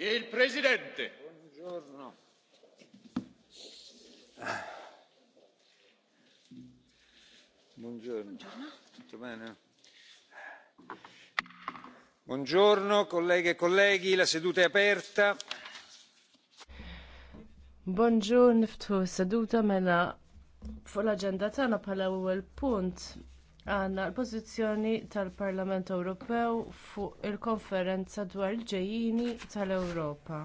Il Presidente. Buongiorno. Buongiorno. Tutto bene? Buongiorno colleghe e colleghi, la seduta è aperta. Buongiorno, niftu seduta mela fuq l-aġenda tagħna bħala ewwel punt għandna l-pożizzjoni tal-Parlament Ewropew fuq il-konferenza dwar il-ġejjini tal-Ewropa.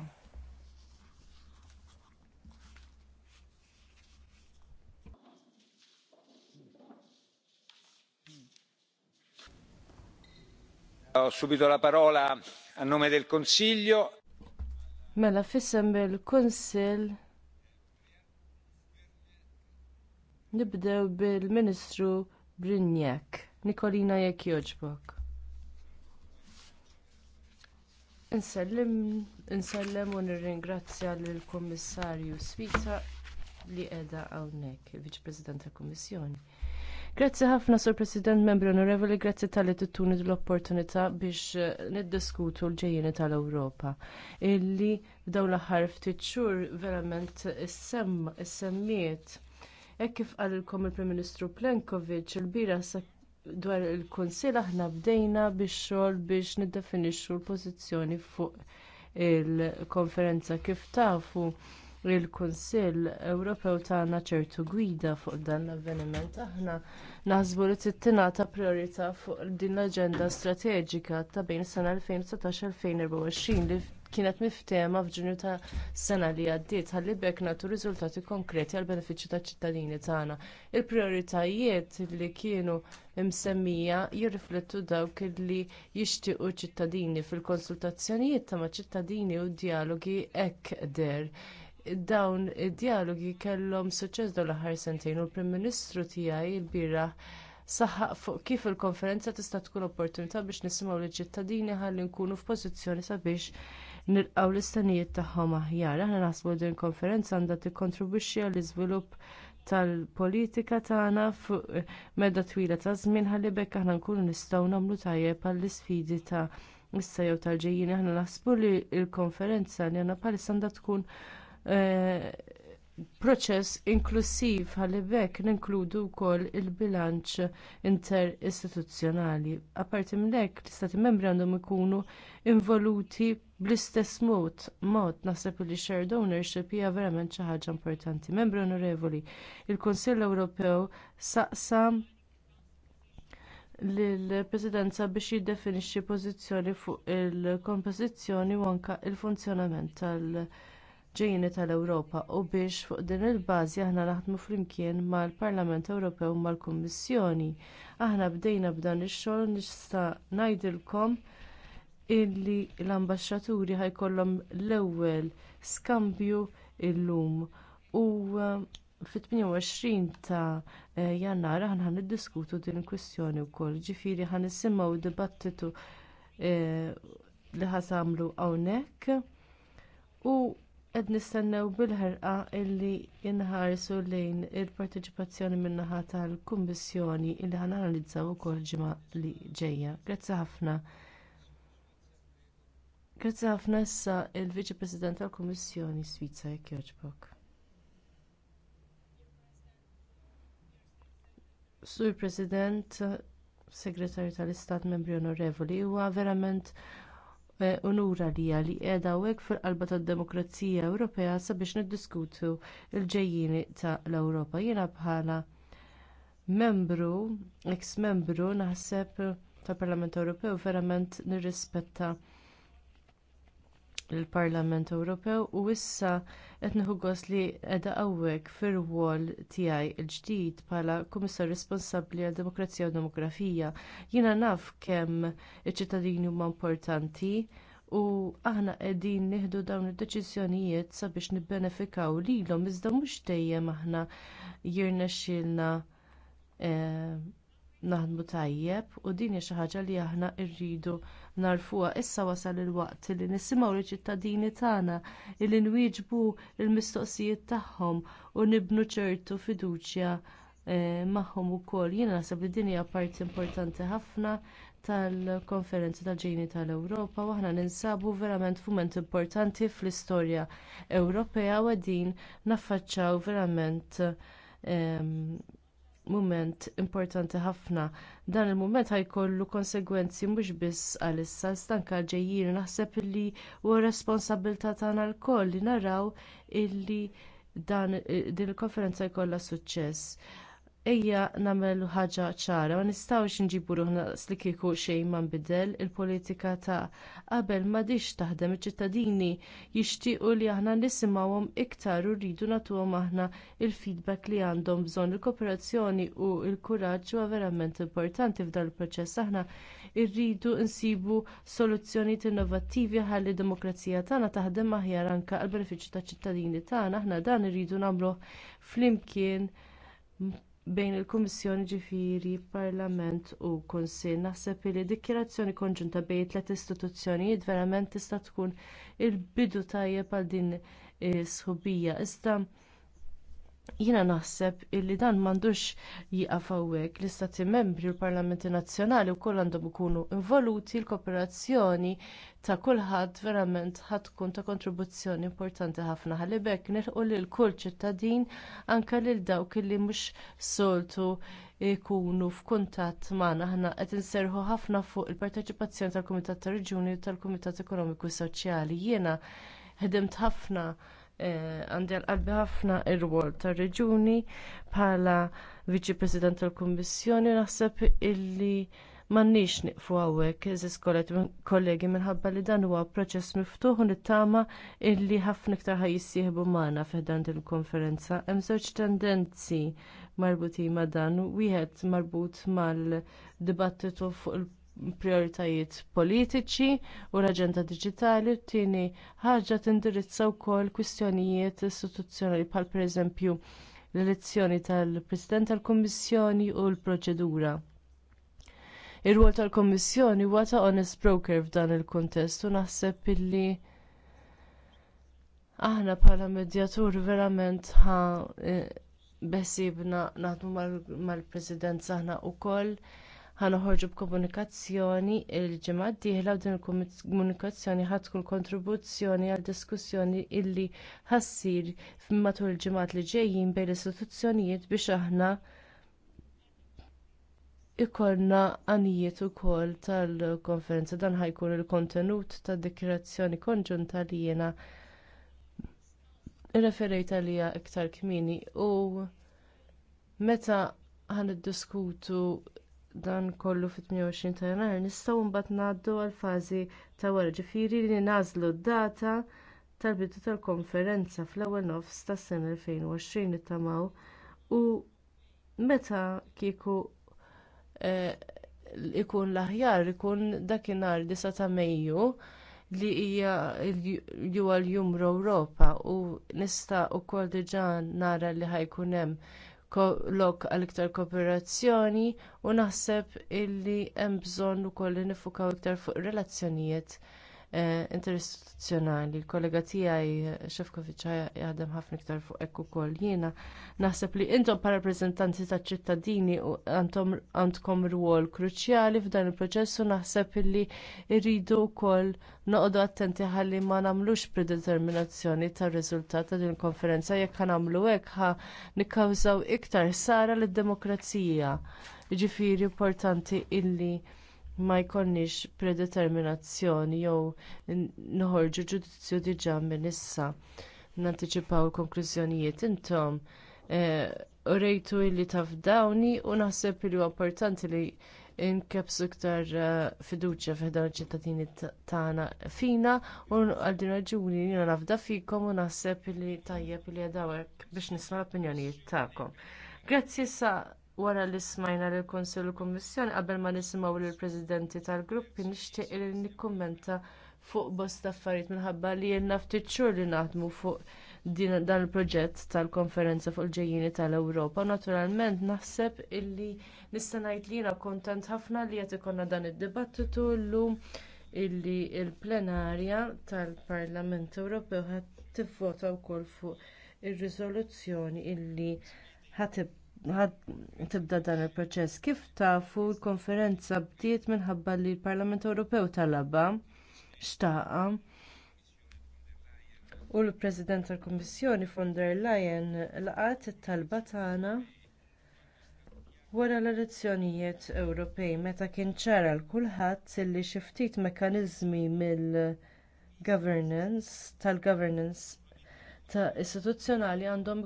Ho subito la parola a nome del Consiglio. Mela fissem bil-Kunsill nibdew bil-Ministru Brinjek, Nikolina jekk joġbok. Insellem u nirringrazzja lill kummissarju Svita li qiegħda hawnhekk, il-Viċ President tal-Kummissjoni. Grazzi ħafna, Sur President, membri onorevoli, grazzi tal-li l-opportunità biex eh, niddiskutu l-ġejjeni tal-Ewropa. Illi dawla ħarf aħħar ftit xhur verament s semmiet Hekk kif qalilkom il-Prim Ministru Plenkovic il-bira dwar il-Kunsill aħna bdejna biex xogħol biex niddefinixxu l-pożizzjoni fuq il-konferenza kif tafu il-Kunsill Ewropew tagħna ċertu gwida fuq dan l-avveniment aħna naħsbu li ta' priorità fuq din l-aġenda strateġika ta' bejn sena 2019-2024 li kienet miftema f'ġunju ta' sena li għaddiet ħalli bekk nagħtu riżultati konkreti għall benefiċċju taċ ċittadini tagħna. Il-prioritajiet li kienu msemmija jirriflettu dawk li jixtiequ ċittadini fil-konsultazzjonijiet ta' ma' ċittadini u d dijalogi hekk der dawn id-dijalogi kellhom suċċess dawn l-aħħar sentejn u l-Prim Ministru tiegħi lbieraħ saħaq fuq kif il-konferenza tista' tkun opportunità biex nisimgħu l ċittadini ħalli nkunu f'pożizzjoni sabiex nilqaw l-istanijiet tagħhom aħjar. Aħna naħsbu din konferenza għandha tikkontribwixxi għall-iżvilupp tal-politika tagħna fuq eh, medda twila ta' żmien ħalli bekk aħna nkunu nistgħu nagħmlu tajjeb għall-isfidi ta' issa jew tal-ġejjin aħna naħsbu li l-konferenza li għandna bħalissa għandha tkun eh, proċess inklusiv ħalli bekk ninkludu wkoll il-bilanċ interistituzzjonali. Apparti minn hekk l-istati membri għandhom ikunu involuti bl-istess mod mod naħseb li shared ownership hija verament xi ħaġa importanti. Membri onorevoli, il-Kunsill Ewropew saqsam lill-Presidenza biex jiddefinixxi pożizzjoni fuq il-kompożizzjoni u anke l funzjonament tal- ġejjini tal-Ewropa u biex fuq din il-bażi aħna naħdmu flimkien mal-Parlament Ewropew u mal-Kummissjoni. Aħna bdejna b'dan ix-xogħol nista' ngħidilkom illi l-ambaxxaturi ħajkollhom l-ewwel skambju llum u eh, fit-28 ta' eh, jannar aħna ħan niddiskutu din il-kwistjoni wkoll. Ġifieri ħan nisimgħu dibattitu eh, li ħasamlu hawnhekk u Qed nistennew bil-ħerqa illi inħarsu lejn il-parteċipazzjoni min-naħa tal-Kummissjoni illi ħanalizzaw ukoll ġimgħa li ġejja. Grazzi ħafna. Grazzi ħafna issa il-Viċi President tal-Kummissjoni Svizza Kjoġbok. Sur President, Segretarju tal-Istat Membri Onorevoli, huwa verament Eh, unura lija li qiegħda hawnhekk fil-qalba tad-demokrazija Ewropea sabiex niddiskutu l-ġejjini ta' l-Ewropa. Jiena bħala membru, ex membru naħseb tal-Parlament Ewropew verament nirrispetta il-Parlament Ewropew u issa qed nieħu gost li qiegħda hawnhekk fir-rwol tiegħi l-ġdid bħala Kummissar responsabbli għal Demokrazija u Demografija. Jiena naf kemm iċ-ċittadini huma importanti u aħna qegħdin nieħdu dawn id-deċiżjonijiet sabiex nibbenefikaw lilhom iżda mhux dejjem aħna jirnexxielna eh, naħdmu tajjeb u din hija xi ħaġa li aħna rridu narfuha issa wasal il-waqt li nisimgħu riċittadini ċittadini tagħna li nwieġbu l-mistoqsijiet tagħhom u nibnu ċertu fiduċja eh, magħhom ukoll. Jiena naħseb li din hija parti importanti ħafna tal-konferenza tal-ġejni tal-Ewropa u aħna ninsabu verament fument importanti fl-istorja Ewropea u din naffaċċaw verament ehm, mument importanti ħafna. Dan il-mument ħajkollu konsegwenzi mhux biss għalissa, stanka ġejjin naħseb li huwa responsabilità tagħna lkoll li naraw illi dan eh, din il-konferenza jkollha suċċess ejja nagħmel ħaġa ċara, ma nistgħux nġibu ruħna li kieku xejn ma nbidel il-politika ta' qabel ma dix taħdem iċ-ċittadini jixtiequ li aħna nisimgħuhom iktar u rridu nagħtuhom aħna il-feedback li għandhom bżonn il-kooperazzjoni u l-kuraġġ huwa verament importanti f'dan il-proċess aħna rridu nsibu soluzzjonijiet innovattivi ħalli demokrazija tagħna taħdem aħjar anke għall benefiċċju taċ ċittadini tagħna aħna dan irridu nagħmluh flimkien bejn il-Kummissjoni ġifieri Parlament u Kunsill naħseb li dikjarazzjoni konġunta bejn tliet istituzzjonijiet verament tista' tkun il-bidu tajjeb għal din is-sħubija. Iżda Jiena naħseb illi dan m'għandux jieqaf hawnhekk l-istati membri u l-parlamenti nazzjonali wkoll għandhom ikunu involuti l-kooperazzjoni ta' kulħadd verament ħadd tkun ta' kontribuzzjoni importanti ħafna ħalli bekk nilħu lil kull ċittadin anke lil dawk li mhux soltu jkunu f'kuntatt magħna aħna qed inserħu ħafna fuq il-parteċipazzjoni tal-Kumitat tar-Reġuni u tal-Kumitat Ekonomiku Soċjali. Jiena ħdimt ħafna l qalbi ħafna il rwol tar reġuni bħala viċi president tal-Kummissjoni naħseb illi m'għandniex nieqfu għawek, eżis kollegi minħabba li dan huwa proċess miftuħ u nittama illi ħafna iktar ħajjissieħbu maħna f'dan il-konferenza. Hemm żewġ tendenzi marbuti ma' dan, wieħed marbut mal-dibattitu fuq il prioritajiet politiċi u l-aġenda diġitali u t-tieni ħaġa tindirizza wkoll kwistjonijiet istituzzjonali bħal pereżempju l-elezzjoni tal-President tal-Kummissjoni u l-proċedura. Ir-rwol tal-Kummissjoni huwa ta' honest broker f'dan il-kuntest u naħseb illi aħna bħala medjatur verament ħa eh, besibna naħdmu mal-President saħna wkoll ħanoħorġu b'komunikazzjoni il-ġimgħa d-dieħla u din il-komunikazzjoni ħadd tkun kontribuzzjoni għal diskussjoni illi ħassir matul il-ġimgħat li ġejjin bejn l-istituzzjonijiet biex aħna ikollna għanijiet ukoll tal-konferenza dan ħajkun il-kontenut tad-dikjerazzjoni konġunta li jiena referejt għalija iktar kmieni u meta ħan diskutu dan kollu fit-28 ta' jannar nistgħu mbagħad ngħaddu għal fażi ta' wara ġifieri li nażlu d-data tal-bidu tal-konferenza fl-ewwel nofs tas-sena 2020 nittamaw u meta kieku eh, ikun l-aħjar ikun dakinhar 9 ta' Mejju li hija l-jum l u nista' wkoll diġà nara li ħajkun hemm lok għal iktar kooperazzjoni u naħseb illi hemm bżonn ukoll nifukaw iktar fuq relazzjonijiet Eh, interistituzzjonali. Il-kollega tiegħi Xefkovic jaħdem ħafna iktar fuq hekk ukoll. Jiena naħseb li intom pa rappreżentanti taċ ċittadini għandkom rwol kruċjali f'dan il-proċess u naħseb li rridu wkoll noqogħdu attenti ħalli ma nagħmlux predeterminazzjoni tar-riżultat ta' din il-konferenza jekk nagħmlu hekk ħa nikkawżaw iktar sara lid-demokrazija. Jiġifieri importanti illi ma jkollniex predeterminazzjoni jew noħorġu ġudizzju diġà minn issa nantiċipaw il-konklużjonijiet intom eh, u rejtu li taf dawni u naħseb li huwa importanti li inkebsu iktar eh, fiduċja fiħdan iċ-ċittadini tagħna fina u għal din raġuni jiena nafda fikom u naħseb li tajjeb li għadawek biex nisma' l-opinjonijiet tagħkom. Grazzi sa' wara li smajna lill kunsill u l-Kummissjoni qabel ma nisimgħu lill-Presidenti tal-Gruppi nixtieq li nikkummenta fuq bosta affarijiet minħabba li jenna ftit xhur li naħdmu fuq dan il-proġett tal-konferenza fuq il-ġejjini tal-Ewropa. Naturalment naħseb illi nista' ngħid li jiena kuntent ħafna li qed ikollna dan id-dibattitu llum illi l plenarja tal-Parlament Ewropew ħadd tivvota wkoll fuq ir-riżoluzzjoni illi ħatib tibda dan il-proċess. Kif tafu l-konferenza bdiet minħabba li l-Parlament Ewropew talaba xtaqa u l-President tal-Kummissjoni von der Leyen laqat it-talba tagħna wara l-elezzjonijiet Ewropej meta kien ċara l kulħadd li xi ftit mekkaniżmi mill-governance tal-governance ta' istituzzjonali għandhom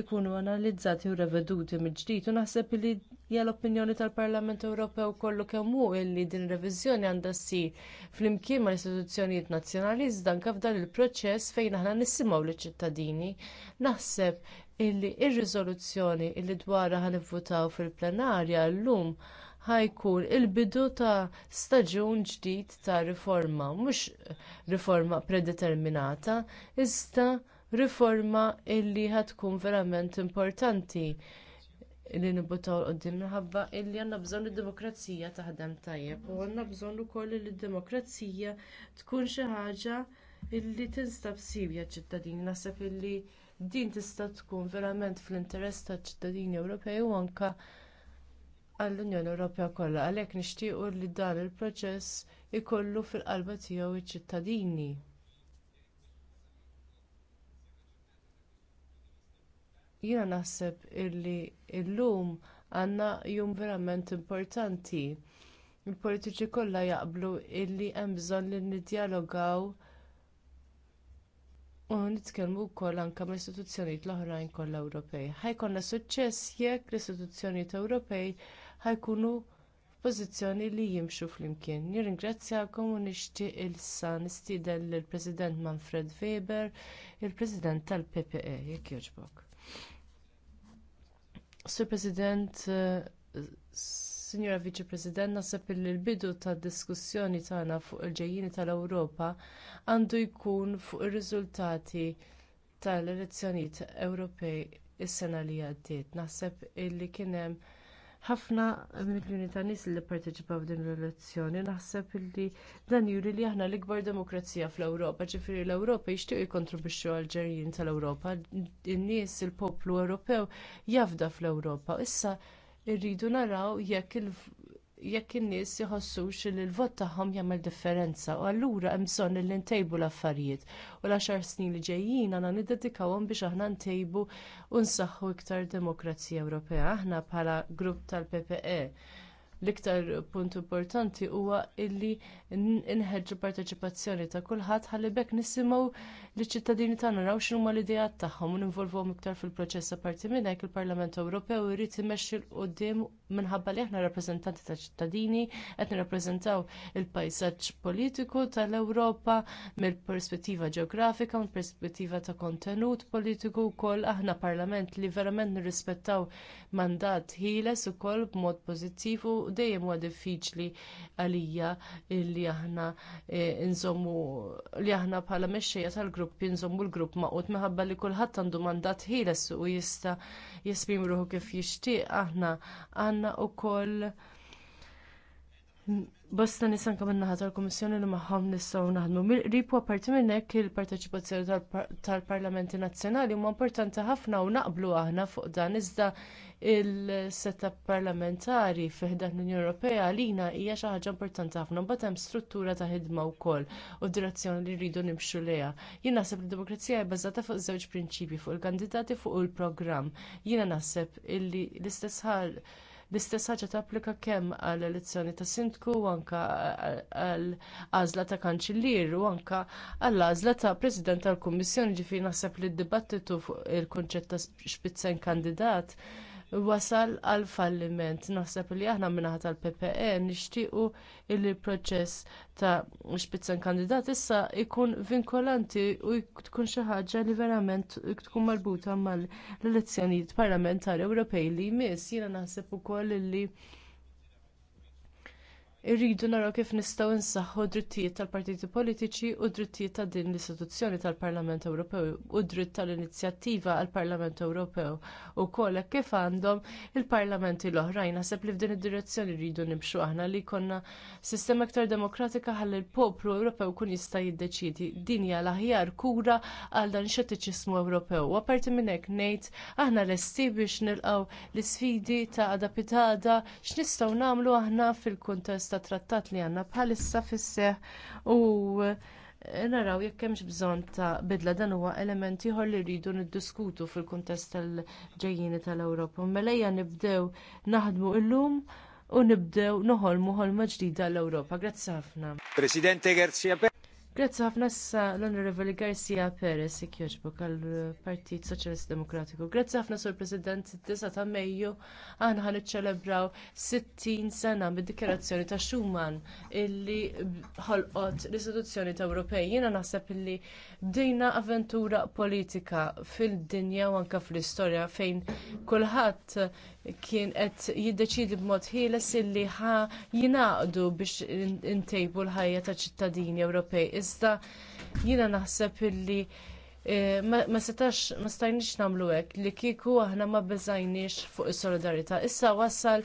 ikunu analizzati u reveduti mill-ġdid u naħseb li hija l-opinjoni tal-Parlament Ewropew kollu kemm hu li din reviżjoni għandha ssir flimkien mal istituzzjonijiet nazzjonali iżda anke f'dan il-proċess fejn aħna nisimgħu liċ-ċittadini. Naħseb illi r riżoluzzjoni li dwarha ħanivvutaw fil-plenarja llum ħajkun il-bidu ta' staġun ġdid ta' riforma, mhux riforma predeterminata, iżda riforma illi ħatkun verament importanti li nibutaw qoddim minħabba illi għandna bżonn id-demokrazija taħdem tajjeb u għandna bżonn ukoll li d-demokrazija tkun xi ħaġa illi tinstab sibja ċittadini naħseb illi din tista' tkun verament fl-interess taċ-ċittadini Ewropej u anke għall-Unjoni Ewropea kollha għalhekk nixtiequ li dan il-proċess ikollu fil-qalba tiegħu iċ-ċittadini. Jiena naħseb illi llum għandna jum verament importanti. Il-politiċi kollha jaqblu illi hemm bżonn li niddjalogaw u nitkellmu wkoll anke mal-istituzzjonijiet l-oħrajn kollha Ewropej. Ħajkonna suċċess jekk l-istituzzjonijiet Ewropej ħajkunu pożizzjoni li jimxu flimkien. Nirringrazzjakom u nixtieq il-sa nistieden lill-President Manfred Weber, il-President tal-PPE, jekk jogħġbok. Sur President, eh, Signora Vice President, nasab li l-bidu tad diskussjoni tagħna fuq il-ġejjini tal-Ewropa għandu jkun fuq ir-riżultati tal-elezzjonijiet Ewropej is-sena li għaddiet. Naħseb illi kien hemm ħafna miljoni ta' nies li pparteċipaw f'din l-elezzjoni naħseb li dan juri li aħna l-ikbar demokrazija fl-Ewropa, ġifieri l-Ewropa jixtiequ jikkontribwixxu għal ġerjin tal-Ewropa. In-nies il-poplu Ewropew jafda fl-Ewropa. Issa rridu naraw jekk jekk in-nies iħossux li l-vot tagħhom jagħmel differenza u allura hemm bżonn li ntejbu l-affarijiet u l-għaxar snin li ġejjin għandna niddedikawhom biex aħna ntejbu u nsaħħu iktar demokrazija Ewropea aħna bħala grupp tal-PPE. L-iktar punt importanti huwa illi nħeġġu parteċipazzjoni ta' kulħadd ħalli bekk nisimgħu li ċittadini tagħna naraw x'inhuma l-idejat tagħhom u ninvolvhom iktar fil-proċess apparti minn hekk il-Parlament Ewropew irid imexxi l qudiem minħabba li aħna rappreżentanti ta' ċittadini qed nirrappreżentaw il-pajsaġġ politiku tal-Ewropa mill-perspettiva ġeografika u mill-perspettiva ta' kontenut politiku wkoll aħna parlament li verament nirrispettaw mandat ħieles ukoll b'mod pożittiv u dejjem huwa diffiċli għalija li aħna eh, nżommu li aħna bħala mexxejja tal-grupp il-grupp, l-grupp maqut meħabba li kulħadd għandu mandat ħieles u jista jesprim ruħu kif jixtieq aħna għandna wkoll Bosta nisan kamen naħat tal-Komissjoni li magħhom nistgħu naħdmu. Mill-qrib apparti minn hekk il-parteċipazzjoni tal-Parlamenti Nazzjonali huma importanti ħafna u naqblu aħna fuq dan iżda il-setup parlamentari fi ħdan l-Unjoni Ewropea għalina hija xi ħaġa importanti ħafna mbagħad hemm struttura ta' ħidma wkoll u direzzjoni li rridu nimxu lejha. Jien naħseb li d-demokrazija hija bbażata fuq żewġ prinċipji fuq il-kandidati fuq il-programm. Jiena naħseb illi l-istess L-istess ħaġa tapplika kemm għall elezzjoni ta' sindku u anke għall għażla ta' kanċillier u anke għall għażla ta' President tal-Kummissjoni ġifi naħseb li d-dibattitu fuq il-konċett ta' spitzen kandidat wasal għal falliment. Naħseb li aħna minnaħat tal PPE nixtiequ li l proċess ta' spitzen kandidat issa jkun vinkolanti u tkun xi ħaġa li verament tkun marbuta mal-elezzjonijiet parlamentari Ewropej li jmiss. Jiena naħseb ukoll illi irridu naraw kif nistgħu nsaħħu drittijiet tal-partiti politiċi u drittijiet ta' din l-istituzzjoni tal-Parlament Ewropew u dritt tal-inizjattiva għall parlament Ewropew ukoll hekk kif għandhom il-parlamenti l-oħrajn naħseb li f'din id-direzzjoni rridu nimxu aħna li jkollna sistema aktar demokratika ħalli l-poplu Ewropew kun jista' jiddeċiedi din hija l-aħjar kura għal dan xettiċismu Ewropew. U apparti minn hekk ngħid aħna lesti biex nilqgħu l-isfidi ta' adapitada x'nistgħu nagħmlu aħna fil-kuntest ta' trattat li għandna bħalissa fis-seħħ u eh, naraw jekk hemmx bżonn ta' bidla dan huwa element ieħor li rridu niddiskutu fil-kuntest tal-ġejjini tal-Ewropa. Mela nibdew naħdmu llum u nibdew noħolmu ħolma ġdida l-Ewropa. Grazzi ħafna. Presidente Garcia Grazzi ħafna issa l-Onorevoli Garcia Perez ikjoġbok għall-Partit Soċjalist Demokratiku. Grazzi ħafna sur President 9 ta' Mejju aħna ħan iċċelebraw 60 sena mid-dikjerazzjoni ta' Schumann illi ħolqot l-istituzzjoni ta' Ewropej. Jiena naħseb illi bdejna avventura politika fil-dinja u anke fl-istorja fejn kulħadd kien qed jiddeċiedi b'mod ħieles illi ħa jingħaqdu biex intejbu l-ħajja ta' ċittadini Ewropej. Iżda jiena naħseb illi Eh, ma setax, ma stajniex namlu hekk li kieku aħna ma beżajniex fuq is-solidarità. Issa wassal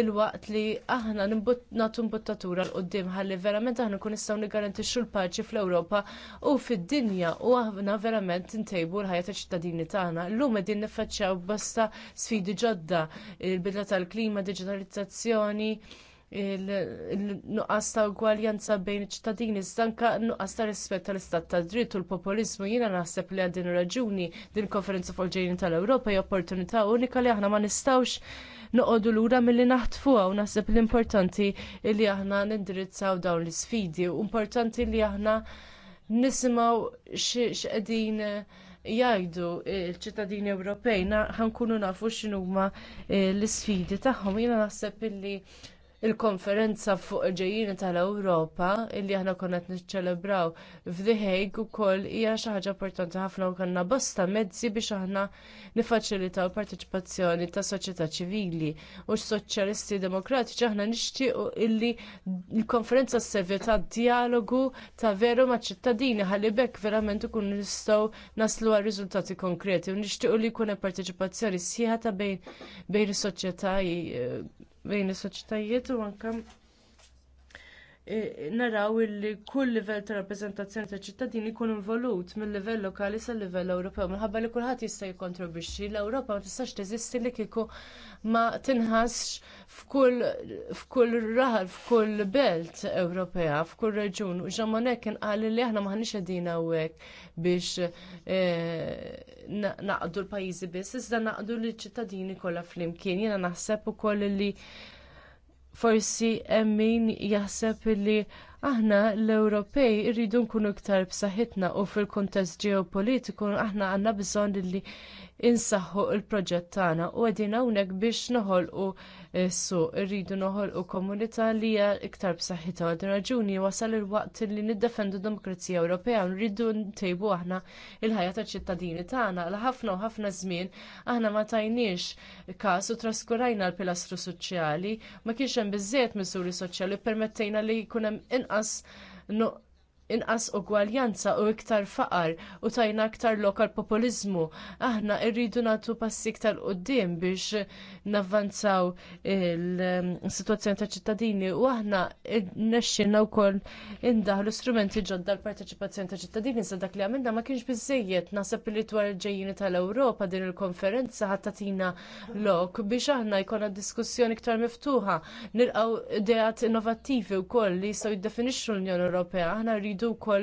il-waqt li aħna nagħtu mbuttatura l qoddim ħalli verament aħna kun nistgħu niggarantixxu l-paċi fl-Ewropa u fid-dinja u aħna verament ntejbu l-ħajja taċ ċittadini tagħna. Llum qegħdin niffaċċjaw bosta sfidi ġodda, il-bidla tal-klima, digitalizzazzjoni, il-nuqqas ta' ugwaljanza bejn iċ-ċittadini, stanka nuqqas ta' rispett tal-istat ta' dritt u l-populizmu jiena naħseb li għandin raġuni din konferenza fuq tal-Ewropa hija opportunità unika li aħna ma nistgħux noqogħdu lura milli naħtfuha u naħseb l-importanti li aħna nindirizzaw dawn l-isfidi u importanti li aħna nisimgħu x'qegħdin eh, jgħidu l-ċittadini Ewropej ħankunu nafu x'inhuma eh, l-isfidi tagħhom. Jiena naħseb illi il-konferenza fuq il-ġejjini tal-Ewropa illi aħna konna qed niċċelebraw f'The Hague ukoll hija xi ħaġa importanti ħafna u konna bosta mezzi biex aħna niffaċilitaw il-partiċipazzjoni tas soċjetà ċivili u x-soċjalisti demokratiċi aħna nixtiequ illi l-konferenza ssevja ta' dialogu ta' veru maċ ċittadini ħalli bekk verament ikunu nistgħu naslu għal riżultati konkreti u nixtiequ li jkun hemm partiċipazzjoni sħiħa ta' bejn is-soċjetà eh, bejn is-soċjetajiet u anke E, naraw illi kull livell ta' rappreżentazzjoni ta' ċittadini jkun involut mill-livell lokali sal livell Ewropew. Minħabba li kulħadd jista' jikkontribwixxi, l-Ewropa ma tistax teżisti li kieku ma tinħasx f'kull f'kull raħal, f'kull belt Ewropea, f'kull reġun. U ġamon hekk inqal li aħna ma ħanix qegħdin hawnhekk biex e, naqdu l-pajjiżi biss, iżda naqdu l-ċittadini kollha flimkien. Jiena naħseb ukoll li forsi hemm min jaħseb li aħna l-Ewropej irridu nkunu iktar b'saħħitna u fil-kuntest ġeopolitiku aħna għandna bżonn li insaħħu l proġett tagħna u qegħdin hawnhekk biex noħolqu su rridu noħolqu komunità li hija iktar b'saħħitha għal din raġuni wasal il-waqt li niddefendu demokrazija Ewropea u rridu ntejbu aħna il-ħajja taċ-ċittadini tagħna għal ħafna u ħafna żmien aħna ma tajniex każ u traskurajna l-pilastru soċjali ma kienx hemm biżżejjed miżuri soċjali permettejna li jkun hemm inqas inqas ugwaljanza u iktar faqar u tajna iktar lokal populiżmu. Aħna rridu nagħtu passi iktar quddiem biex navvanzaw il-sitwazzjoni ta' ċittadini u aħna nexxinna wkoll indaħlu strumenti ġodda l-parteċipazzjoni ta' ċittadini sa dak li għamilna ma kienx biżżejjed naħseb li dwar il-ġejjini tal-Ewropa din il-konferenza ħadd tagħtina lok biex aħna jkollna diskussjoni iktar miftuħa nilqgħu ideat innovattivi wkoll li jistgħu jiddefinixxu l-Unjoni Ewropea. Aħna rridu rridu wkoll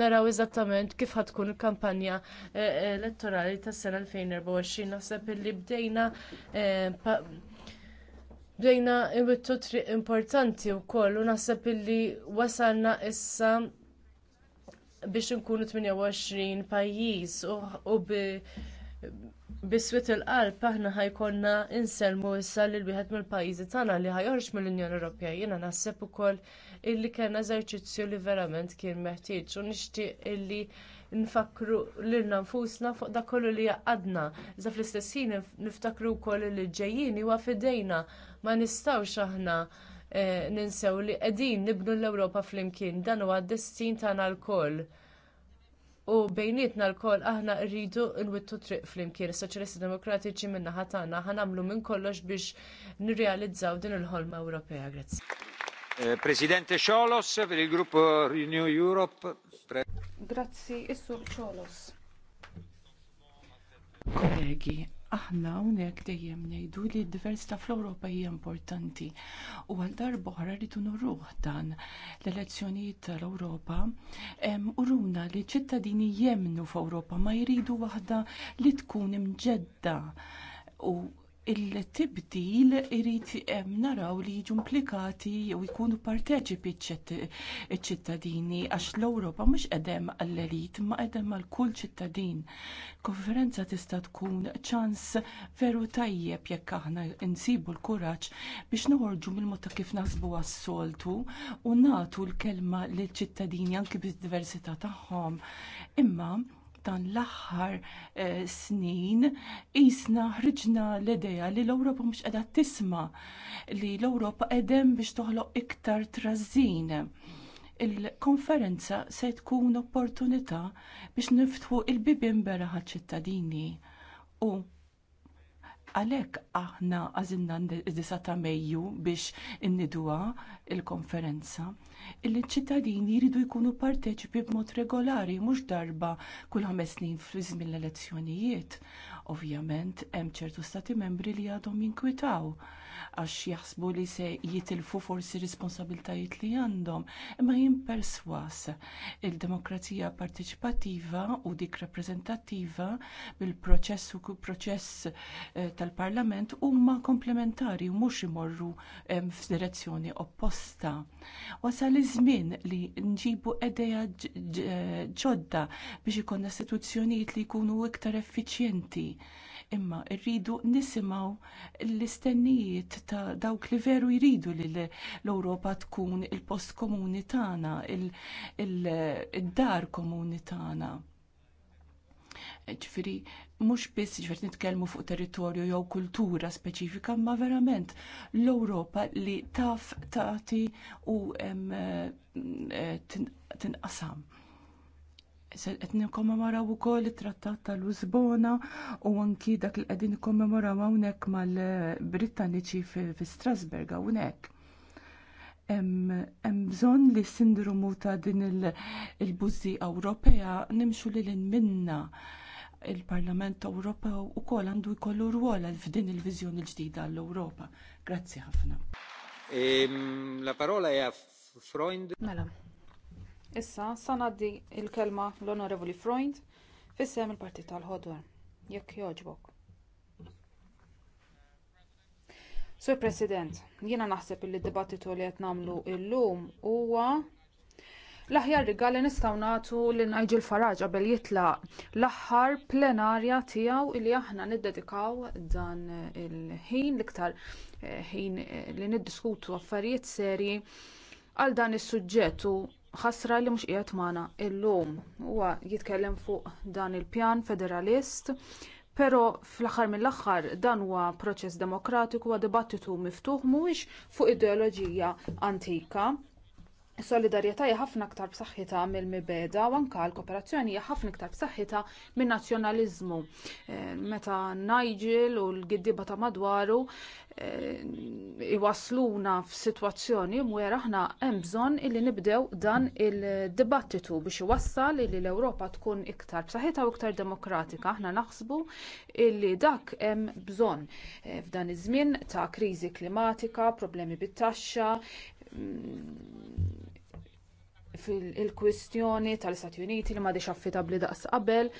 naraw eżattament kif ħatkun il-kampanja eh, elettorali tas-sena 2024. Naħseb illi bdejna eh, bdejna iwittu triq importanti wkoll u naħseb illi wasalna issa biex nkunu 28 pajjiż u bi biswit il-qalb aħna ħajkonna inselmu issa lil wieħed mill-pajjiżi tagħna li ħajorx mill-Unjoni Ewropea. Jiena naħseb ukoll illi kellna eżerċizzju li verament kien meħtieġ u nixtieq illi nfakru lilna nfusna fuq dak kollu li jaqadna. Iżda fl-istess ħin niftakru wkoll li ġejjin huwa fidejna ma nistgħux aħna eh, ninsew li qegħdin nibnu l-Ewropa flimkien dan huwa d-destin tagħna lkoll. U bejnietna lkoll aħna rridu nwittu triq fl-imkien, is-Soċjalisti Demokratiċi minna ħatana ħanamlu minn kollox biex nirrealizzaw din il-ħolma Ewropea. Grazie. Eh, Presidente Xolos per il gruppo Renew Europe. Grazzi, issu Xolos. Kollegi, Aħna hawnhekk dejjem ngħidu li d-diversità fl-Ewropa hija importanti u għal darb'oħra rridu nurruh dan l-elezzjonijiet tal-Ewropa uruna li ċittadini jemnu f'Ewropa ma jridu waħda li tkun imġedda u il-tibdil irrit naraw li jiġu implikati jew jkunu parteċipi ċ-ċittadini għax l-Ewropa mhux qedem għall-elit ma qedem għall kull ċittadin. Konferenza tista' tkun ċans veru tajjeb jekk aħna nsibu l-kuraġġ biex noħorġu mill motta kif naħsbu għas-soltu u nagħtu l-kelma lill ċittadini anki bid-diversità tagħhom. Imma dan l-aħħar eh, snin isna ħriġna l-idea li l-Ewropa mhux qiegħda tisma li l-Ewropa qegħdem biex toħloq iktar trażin. Il-konferenza se tkun opportunità biex niftħu il-bibin beraħa ċittadini u Għalhekk aħna għazinna d-disa ta' Mejju biex innidwa il-konferenza. illi ċittadini jridu jkunu parteċipi b'mod regolari mhux darba kull ħames snin f'żmien l-elezzjonijiet. Ovvjament hemm ċertu stati membri li għadhom jinkwitaw għax jaħsbu li se jitilfu forsi responsabiltajiet li għandhom. Imma jien perswas il-demokrazija partiċipattiva u dik rappreżentattiva bil-proċess u proċess eh, tal-parlament huma komplementari u mhux imorru eh, f'direzzjoni opposta. Wasal iż-żmien li nġibu edeja ġodda biex ikonna istituzzjonijiet li jkunu iktar effiċjenti imma rridu nisimgħu l-istennijiet ta' dawk li veru jridu li l-Ewropa tkun il-post komuni tagħna, il-dar komuni tagħna. Ġifiri, mhux biss ġifiri nitkellmu fuq territorju jew kultura speċifika, ma verament l-Ewropa li taf tagħti u eh, tinqasam qed nikkommemoraw ukoll it-Trattat tal-Lisbona u anki dak li qegħdin nikkommemoraw hawnhekk mal-Brittaniċi fi Strasberg hawnhekk. Hemm bżonn li sindromu ta' din il-bużi Ewropea nimxu lil minna il-Parlament Ewropew ukoll għandu jkollu rwol għal f'din il-viżjoni ġdida għall-Ewropa. Grazzi ħafna. La parola hija Freund. Mela, Issa, sanaddi il l kelma l-Onorevoli Freund fissem il-Partit tal ħodwar Jekk jogħġbok. Sur President, jiena naħseb li d-dibattitu li qed nagħmlu illum huwa l-aħjar rigal li nistgħu nagħtu lil Nigel Farage għabel jitlaq l-aħħar plenarja tiegħu li aħna niddedikaw dan il-ħin l-iktar eh, ħin eh, li niddiskutu affarijiet serji għal dan is suġġettu ħasra li mhux qiegħed magħna illum huwa jitkellem fuq dan il-pjan federalist Però fl-aħħar mill-aħħar dan huwa proċess demokratiku huwa dibattitu miftuħ mhuwiex fuq ideoloġija antika. Solidarjetà hija ħafna aktar b'saħħitha mill-mibeda u anke l-kooperazzjoni hija ħafna iktar b'saħħitha minn nazzjonaliżmu. Eh, meta Nigel u l-giddiba ta' madwaru eh, iwasluna f'sitwazzjoni mwera aħna hemm bżonn illi nibdew dan il-dibattitu biex iwassal illi l-Ewropa tkun iktar b'saħħitha u iktar demokratika. Aħna naħsbu illi dak hemm bżonn eh, f'dan iż-żmien ta' kriżi klimatika, problemi bit-taxxa, fil-kwistjoni tal-Istati Uniti li m'għadix affitabli daqs qabel.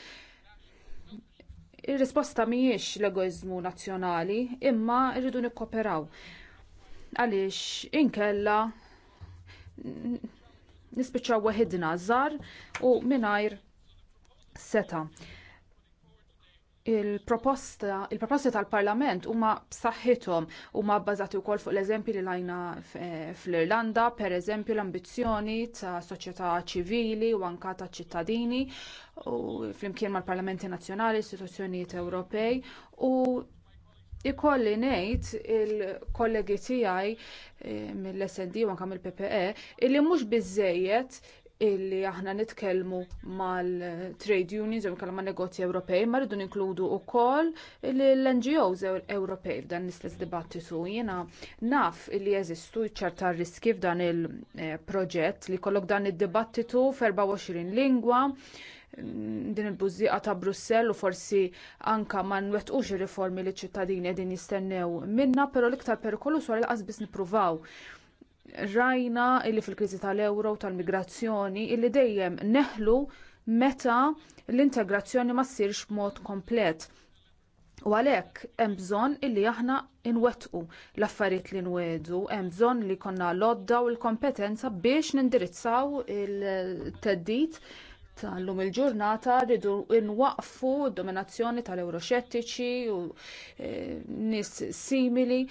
Ir-risposta mhijiex l-egoizmu nazzjonali, imma rridu nikkoperaw. Għaliex inkella nispiċċaw weħidna żar u mingħajr seta il-proposta, il proposta tal-Parlament huma b'saħħithom huma bbażati wkoll fuq l-eżempji li lajna fl-Irlanda, per eżempju l-ambizzjoni ta' soċjetà ċivili u anka ta' ċittadini u flimkien mal-Parlamenti Nazzjonali, istituzzjonijiet Ewropej u ikolli ngħid il-kollegi tiegħi eh, mill-SND u anke mill-PPE illi mhux biżejjed illi aħna nitkellmu mal-trade unions jew kalma negozji Ewropej, ma rridu ninkludu wkoll l-NGOs Ewropej f'dan l-istess dibattitu. Jiena naf illi jeżistu ċerta riski f'dan il-proġett li kollok dan id-dibattitu f'24 lingwa din il buzziqa ta' Brussell u forsi anka ma nwettqux ir-riformi li ċittadini din jistennew minna, pero l-iktar perikolu sar il-qasbis nippruvaw rajna illi fil-kriżi tal-euro tal-migrazzjoni illi dejjem neħlu meta l-integrazzjoni ma ssirx b'mod komplet. U għalhekk hemm bżonn illi aħna nwettqu l-affarijiet li nwedu, hemm bżonn li konna l u l-kompetenza biex nindirizzaw il-teddit tal-lum il-ġurnata rridu nwaqfu d-dominazzjoni tal-euroxettiċi u e, eh, nis simili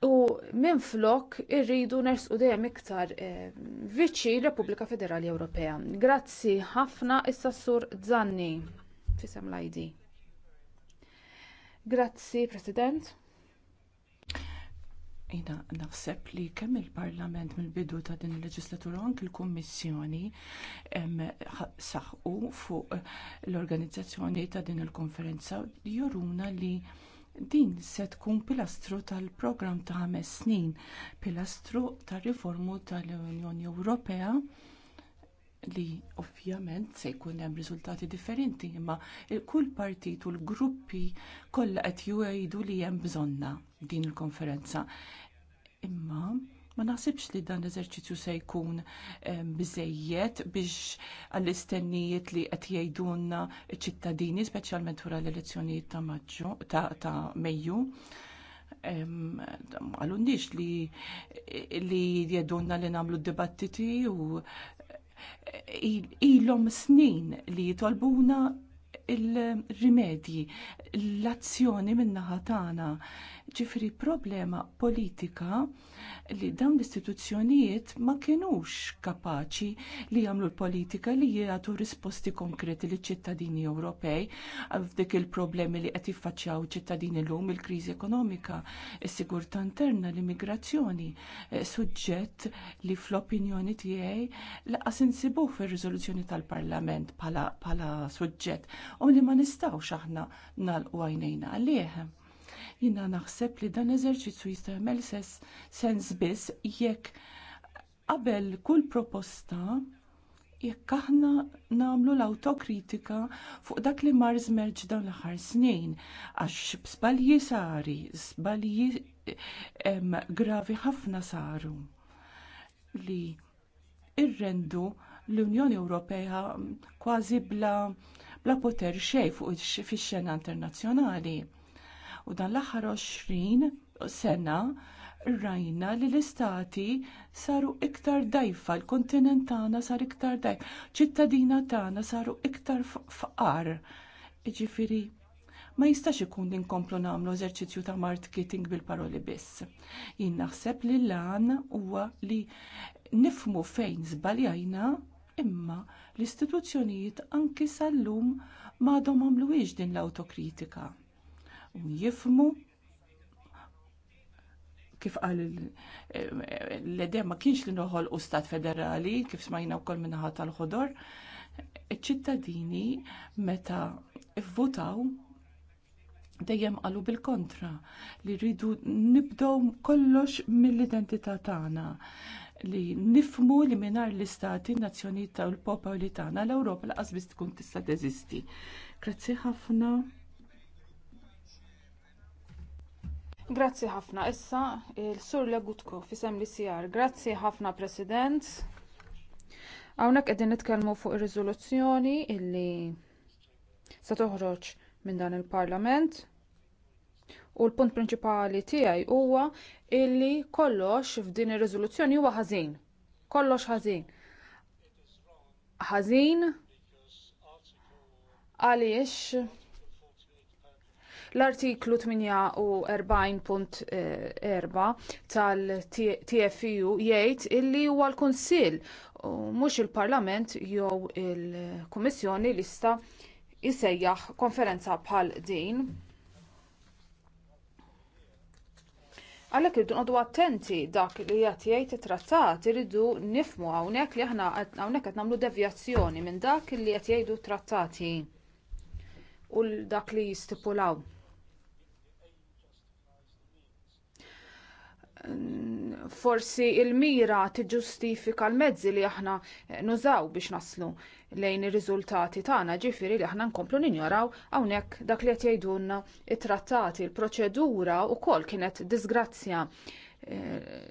u minn flok irridu nersqu dejjem iktar eh, viċi Repubblika Federali Ewropea. Grazzi ħafna issa sur Zanni fisem l-ID. Grazzi, President. Ina naħseb li kemm il-Parlament mill-bidu ta' din il-leġislatura anke l-Kummissjoni saħqu fuq l-organizzazzjoni ta' din il-konferenza juruna li Din se tkun pilastru tal-programm ta' ħames snin, pilastru tar-riformu tal-Unjoni Ewropea li ovvjament se jkun hemm riżultati differenti, imma kull partit u l-gruppi kollha qed jgħidu li hemm bżonna din il-konferenza. Imma Ma naħsibx li dan l-eżerċizzju se jkun biżejjed biex għall-istennijiet li qed jgħidulna ċittadini, speċjalment wara l-elezzjonijiet ta' Maġġu ta' Mejju. Għalundix li li jedunna li namlu dibattiti u ilhom snin li jitolbuna il-rimedji, l-azzjoni min-naħa tagħna ġifri problema politika li dawn l-istituzzjonijiet ma kienux kapaċi li jagħmlu l-politika li jagħtu risposti konkreti li ċittadini Ewropej f'dik il-problemi li qed jiffaċċjaw ċittadini llum il-kriżi ekonomika, is-sigurtà interna, l-immigrazzjoni, eh, suġġett li fl-opinjoni tiegħi laqas insibu fir-riżoluzzjoni tal-Parlament bħala suġġett u li ma nistgħux aħna nagħlqu għajnejna għalih Jina naħseb li dan eżerċizzju jista' jagħmel sens biss jekk qabel kull proposta jekk aħna nagħmlu l-autokritika fuq dak li mar żmerġ dawn l-aħħar snin, għax żbalji sari, żbalji gravi ħafna saru li irrendu l-Unjoni Ewropea kważi bla, bla poter xej fuq fix-xena internazzjonali U dan l-aħħar 20 sena rajna li l-istati saru iktar dajfa, l-kontinent tagħna sar iktar dajf, ċittadina tagħna saru iktar faqar. Jiġifieri ma jistax ikun li nkomplu nagħmlu eżerċizzju ta' marketing bil-paroli biss. Jien naħseb li l-għan huwa li nifmu fejn żbaljajna imma l-istituzzjonijiet anki sal-lum m'għadhom għamluwiex din l-autokritika jifmu kif għal l-edem ma kienx li noħol u stat federali, kif smajna u kol minnaħat tal-ħodor, ċittadini meta votaw dejjem qalu bil-kontra li rridu nibdow kollox mill-identità tagħna li nifmu li minar l-istati, nazzjonijiet ta' l-popoli tagħna l-Ewropa laqas biss tkun tista' teżisti. Grazzi ħafna. Grazzi ħafna. Issa il-Sur Legutko fisem li sijar. Grazzi ħafna, President. Hawnhekk qegħdin nitkellmu fuq ir-riżoluzzjoni illi se toħroġ minn dan il-Parlament. U l-punt prinċipali tiegħi huwa illi kollox f'din ir-riżoluzzjoni huwa ħażin. Kollox ħażin. Ħażin għaliex L-artiklu 48.4 eh, tal-TFU jgħid illi huwa l-Kunsill u mhux il-Parlament jew il-Kummissjoni li sta jsejjaħ konferenza bħal din. Għalhekk irridu għadu attenti dak li qed jgħid it-trattat irridu nifmu hawnhekk li aħna hawnhekk qed nagħmlu devjazzjoni minn dak li qed jgħidu t trattati u dak li jistipulaw. forsi il-mira tiġġustifika l-mezzi li aħna nużaw biex naslu lejn ir-riżultati tagħna ġifieri li aħna nkomplu ninjoraw hawnhekk dak li qed jgħidulna it-trattati, il-proċedura wkoll kienet disgrazzja eh,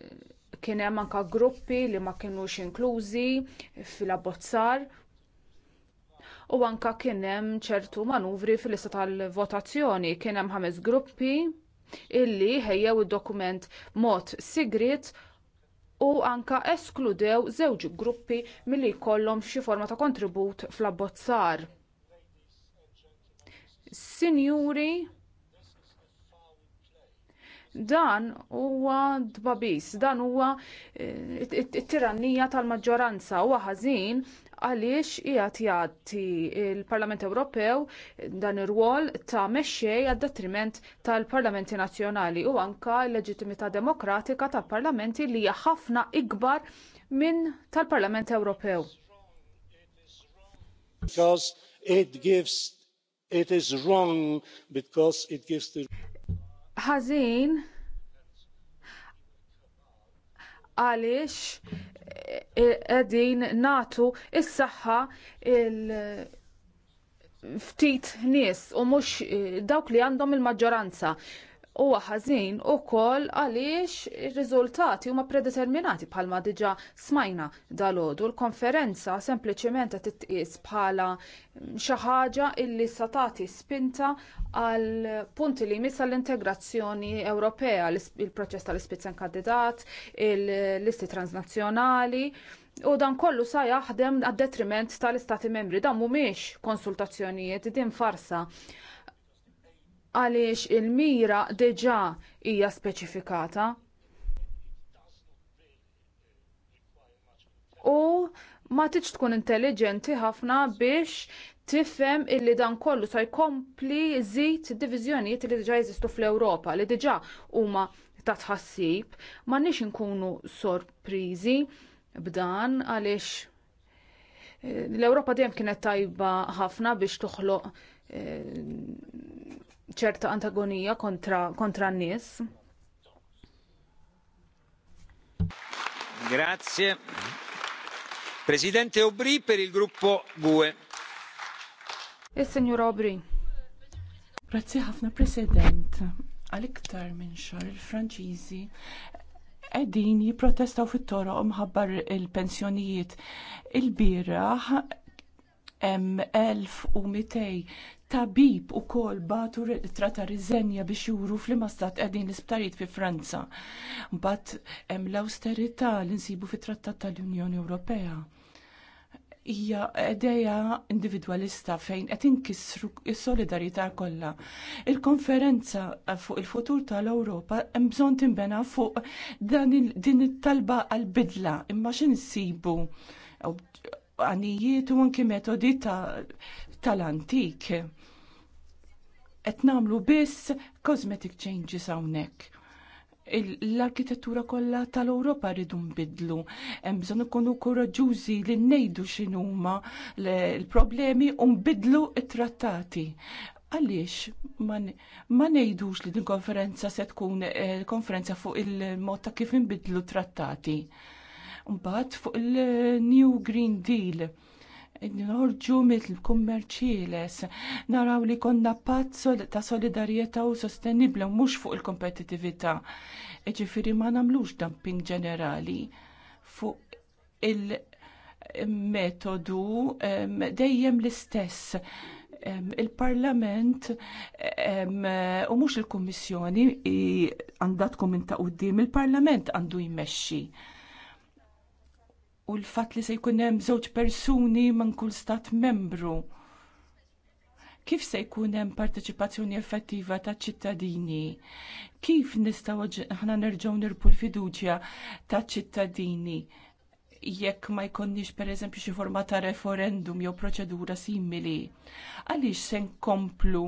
kien hemm anke gruppi li ma kinux inklużi fil-abbozzar u anke kien hemm ċertu manuvri fil-lista tal-votazzjoni kien hemm ħames gruppi illi ħejjew id-dokument mod sigrit u anka eskludew żewġ gruppi milli jkollhom xi forma ta' kontribut fl-abbozzar. Sinjuri, dan huwa dbabis, dan huwa eh, it-tirannija tal-maġġoranza huwa ħażin għaliex jgħat jgħati il-Parlament Ewropew dan ir-rwol ta' mexxej għad-detriment tal-Parlamenti Nazzjonali u anka l-leġittimità demokratika tal-parlamenti li hija ħafna ikbar minn tal-Parlament Ewropew. Because it gives it is wrong because it gives the ħażin għaliex eh, qegħdin natu is-saħħa il- ftit nies u mhux eh, dawk li għandhom il-maġġoranza huwa ħażin ukoll għaliex ir-riżultati huma predeterminati bħalma diġà smajna dalodu l-konferenza sempliċement qed titqies bħala xi ħaġa illi satati tagħti spinta għal punti li jmiss l-integrazzjoni Ewropea, il-proċess tal-ispizzan kandidat, il-listi transnazzjonali. U dan kollu sa jaħdem għad-detriment tal-istati membri, dan mhumiex konsultazzjonijiet, din farsa għaliex il-mira diġà hija speċifikata. U ma tiġ tkun intelligenti ħafna biex tifhem illi dan kollu se jkompli żid diviżjonijiet li diġà jeżistu fl-Ewropa li diġà huma ta' tħassib, m'għandniex inkunu sorpriżi b'dan għaliex eh, l-Ewropa dejjem kienet tajba ħafna biex toħloq eh, ċerta antagonija kontra, kontra n-nies. Grazie. Presidente Obri per il gruppo GUE. E signor Obri. Grazie ħafna President. Għal-iktar minn xar il-Franċiżi qegħdin jipprotestaw fit-toroq mħabbar il-pensjonijiet. Il-bieraħ hemm 1200 tabib u kol batu trata rizenja biex juru fl-ima stat għedin l isptarit fi Franza. Bat em l-austerita l-insibu fi trattat tal-Unjoni Ewropea. Ija edeja individualista fejn qed inkissru s-solidarità kollha. Il-konferenza fuq il-futur tal-Ewropa hemm bżonn tinbena fuq dan din it-talba għal-bidla imma x'insibu għanijiet u anki metodi ta' tal-antik. Qed nagħmlu biss cosmetic changes hawnhekk l-arkitettura kollha tal-Ewropa rridu nbidlu. Hemm bżonn ikunu koraġużi li ngħidu x'inhuma l-problemi u nbidlu t-trattati. Għaliex ma ngħidux li din konferenza se tkun eh, konferenza fuq il-mod ta' kif nbidlu trattati. Mbagħad fuq il-New Green Deal Nħorġu mill-kummerċiles, naraw li konna pazzo ta' solidarieta u sostenibla mux fuq il-kompetitivita. Eġifiri ma namlux dumping ġenerali fuq il-metodu dejjem l-istess. Il-parlament u mux il-kommissjoni għandatkom inta qoddim, il-parlament għandu jmexxi u l-fat li se jkun hemm żewġ persuni minn kull stat membru. Kif se jkun hemm parteċipazzjoni effettiva taċ ċittadini? Kif nistgħu aħna nerġgħu nirpu l-fiduċja taċ ċittadini? jekk ma jkonniex pereżempju xi forma ta' referendum jew proċedura simili. Għaliex se nkomplu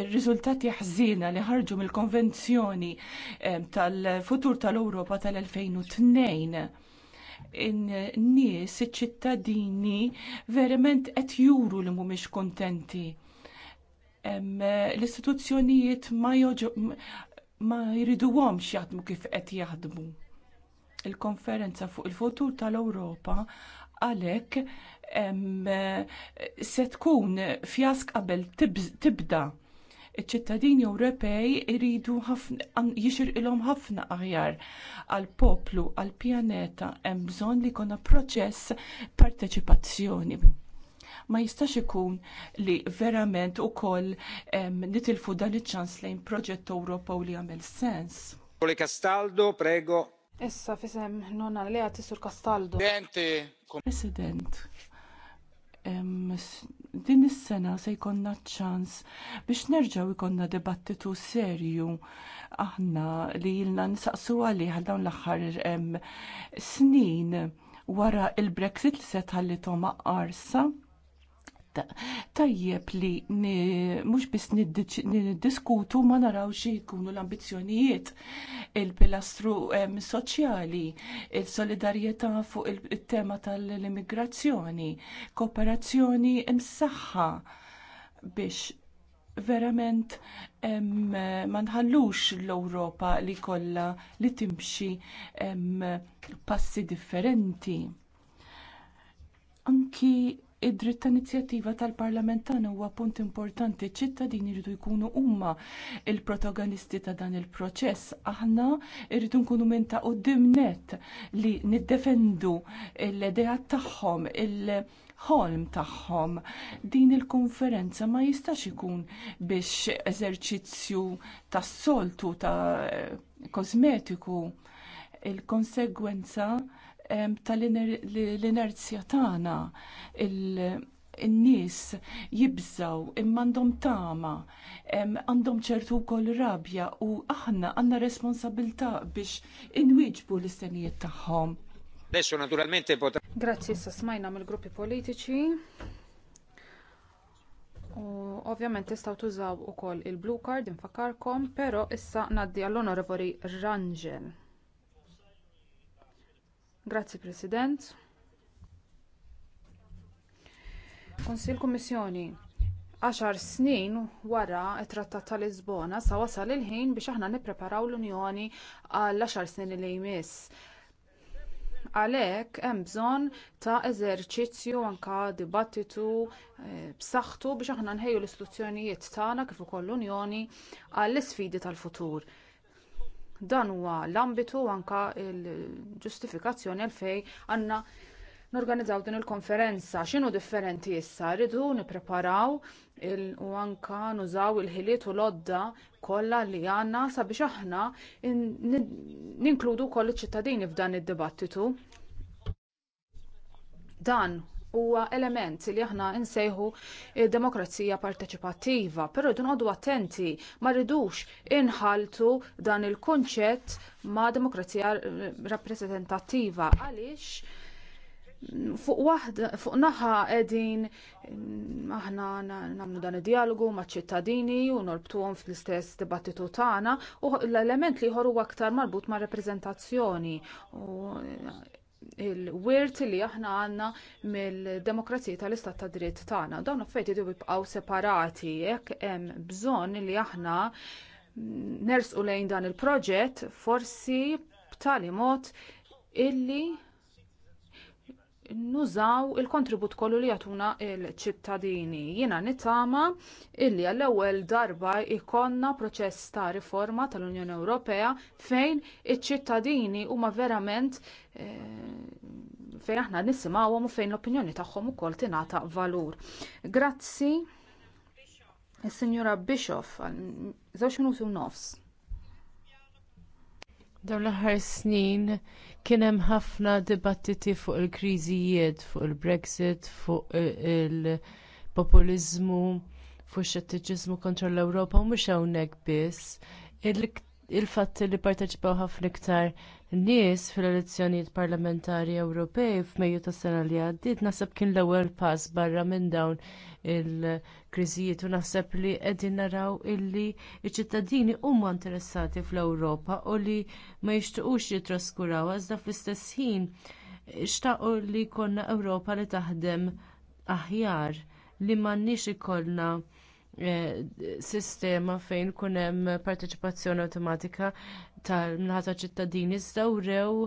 il riżultati ħżina li ħarġu mill-konvenzjoni eh, tal-futur tal-Ewropa tal-2002 in-nies, iċ-ċittadini verament qed juru li mhumiex kontenti. L-istituzzjonijiet ma ma jriduhomx jaħdmu kif qed jaħdmu. Il-konferenza fuq il-futur tal-Ewropa għalhekk se tkun fjask qabel tibda. Iċ-ċittadini Ewropej iridu jixirqilhom ħafna aħjar għal poplu għal pjaneta hemm bżonn li jkollna proċess parteċipazzjoni. Ma jistax ikun li verament ukoll nitilfu dan iċ-ċans lejn proġett Ewropew li jagħmel sens. Poli Castaldo, prego. Issa fisem nonna li sur Castaldo. Presidente. President din is-sena se jkollna ċans biex nerġgħu jkollna dibattitu serju aħna li jilna nsaqsu għalih għal dawn l-aħħar snin wara il-Brexit li se tħalli toma qarsa tajjeb li mhux biss niddiskutu ma narawx jkunu l-ambizzjonijiet il-pilastru soċjali, il-solidarjetà fuq il-tema tal-immigrazzjoni, kooperazzjoni msaħħa biex verament ma nħallux l-Ewropa li kollha li timxi passi differenti anki id-dritt ta' inizjattiva tal-Parlament tagħna huwa punt importanti ċittadini jridu jkunu huma il-protagonisti ta' dan il-proċess. Aħna rridu nkunu minn ta' net li niddefendu l idea tagħhom, il-ħolm tagħhom. Din il-konferenza ma jistax ikun biex eżerċizzju tas-soltu ta' kosmetiku il-konsegwenza tal-inerzja tagħna in-nies jibżaw im'għandhom tama, għandhom ċertu wkoll rabja u aħna għandna responsabilità biex inwiġbu l-istennijiet tagħhom. Adesso naturalmente pota. Grazzi issa smajna mill-gruppi politiċi. U ovvjament tistgħu tużaw ukoll il-blue card infakarkom, però issa ngħaddi għall-onorevoli Rangel. Grazzi President. Konsil Kummissjoni, 10 snin wara t trattat ta' Lisbona sa wasal il-ħin biex aħna nippreparaw l-Unjoni għal 10 snin li jmiss. Għalhekk hemm bżonn ta' eżerċizzju anke dibattitu eh, b'saħħtu biex aħna nħejju l-istituzzjonijiet tagħna kif ukoll l-Unjoni għall isfidi tal-futur. Dan huwa l-ambitu anka l-ġustifikazzjoni għalfejn għandna norganizzaw din il-konferenza. X'inhu differenti issa? Rridu nippreparaw u anka nużaw il-ħiliet u l-odda kollha li għandna sabiex aħna ninkludu koll iċ-ċittadini f'dan id-dibattitu. Dan huwa element li aħna nsejħu demokrazija parteċipattiva, però dun għadu attenti ma rridux inħaltu dan il kunċett ma' demokrazija eh, rappreżentattiva għaliex fuq waħda, fuq naħa qegħdin mm, aħna nagħmlu dan id-dialogu maċ ċittadini u norbtuhom fl-istess dibattitu tagħna u l-element li jħorru aktar marbut ma' rappreżentazzjoni. Eh, il-wirt li aħna għandna mill-demokrazija tal-istat ta' dritt tagħna. Dawn affarijiet idu jibqgħu separati jekk hemm bżonn li aħna nersqu lejn dan il-proġett forsi b'tali mod illi nużaw il-kontribut kollu li jagħtuna l ċittadini Jiena nitama illi għall-ewwel darba ikonna proċess ta' riforma tal-Unjoni Ewropea fejn iċ-ċittadini huma verament eh, fejn aħna nisimgħuhom u fejn l-opinjoni tagħhom ukoll tingħata valur. Grazzi il-Signora Bischoff zawx żewġ minuti u nofs. Dawn l-aħħar snin Kien hemm ħafna dibattiti fuq il-kriżijiet, fuq il-Brexit, fuq il-populiżmu, fuq xettiċiżmu kontra l-Ewropa u mhux hawnhekk biss. Il-fatt li parteċipaw ħafna iktar nies fil-elezzjonijiet parlamentari Ewropej f'Mejju tas-sena li għaddiet naħseb kien l-ewwel pass barra minn dawn il-kriżijiet u naħseb li qegħdin naraw illi ċ-ċittadini huma interessati fl-Ewropa u li ma jixtiequx jitraskuraw iżda fl-istess ħin xtaqu li jkollna Ewropa li taħdem aħjar li m'għandniex ikollna Eh, sistema fejn kun hemm parteċipazzjoni awtomatika tal-mnata ċittadini żdawrew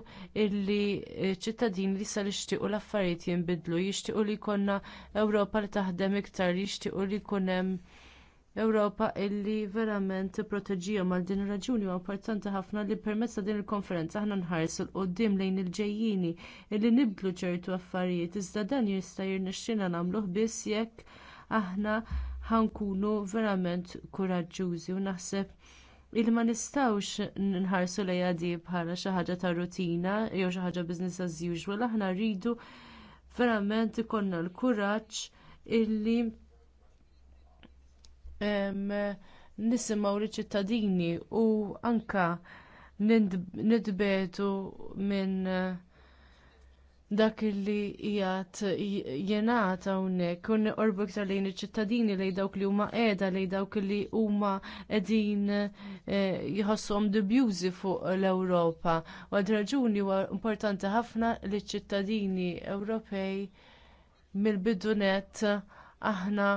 illi ċittadini li sal jixtiequ l-affarijiet jinbidlu, jixtiequ li jkollna Ewropa li taħdem iktar, jixtiequ li jkun hemm Ewropa illi verament tipproteġihom għal din ir-raġuni huwa importanti ħafna li permezz ta' din il-konferenza aħna nħarsu l qudiem lejn il-ġejjini illi nibdlu ċertu affarijiet iżda dan jista' jirnexxina nagħmluh biss jekk aħna ħankunu verament kuraġġużi u naħseb il ma nistawx nħarsu lejha di bħala xi ħaġa ta' rutina jew xi ħaġa business as usual aħna rridu verament ikollna l-kuraġġ illi nisimgħu li ċittadini u anke nidbetu minn dak li jgħat jenat hawnhekk kun orbu iktar lejn iċ-ċittadini lejn dawk li huma edha, li dawk li huma qegħdin eh, jħossuhom dubjużi fuq l-Ewropa. U għadraġuni raġuni huwa importanti ħafna li ċ-ċittadini Ewropej mill aħna nejdu eh, aħna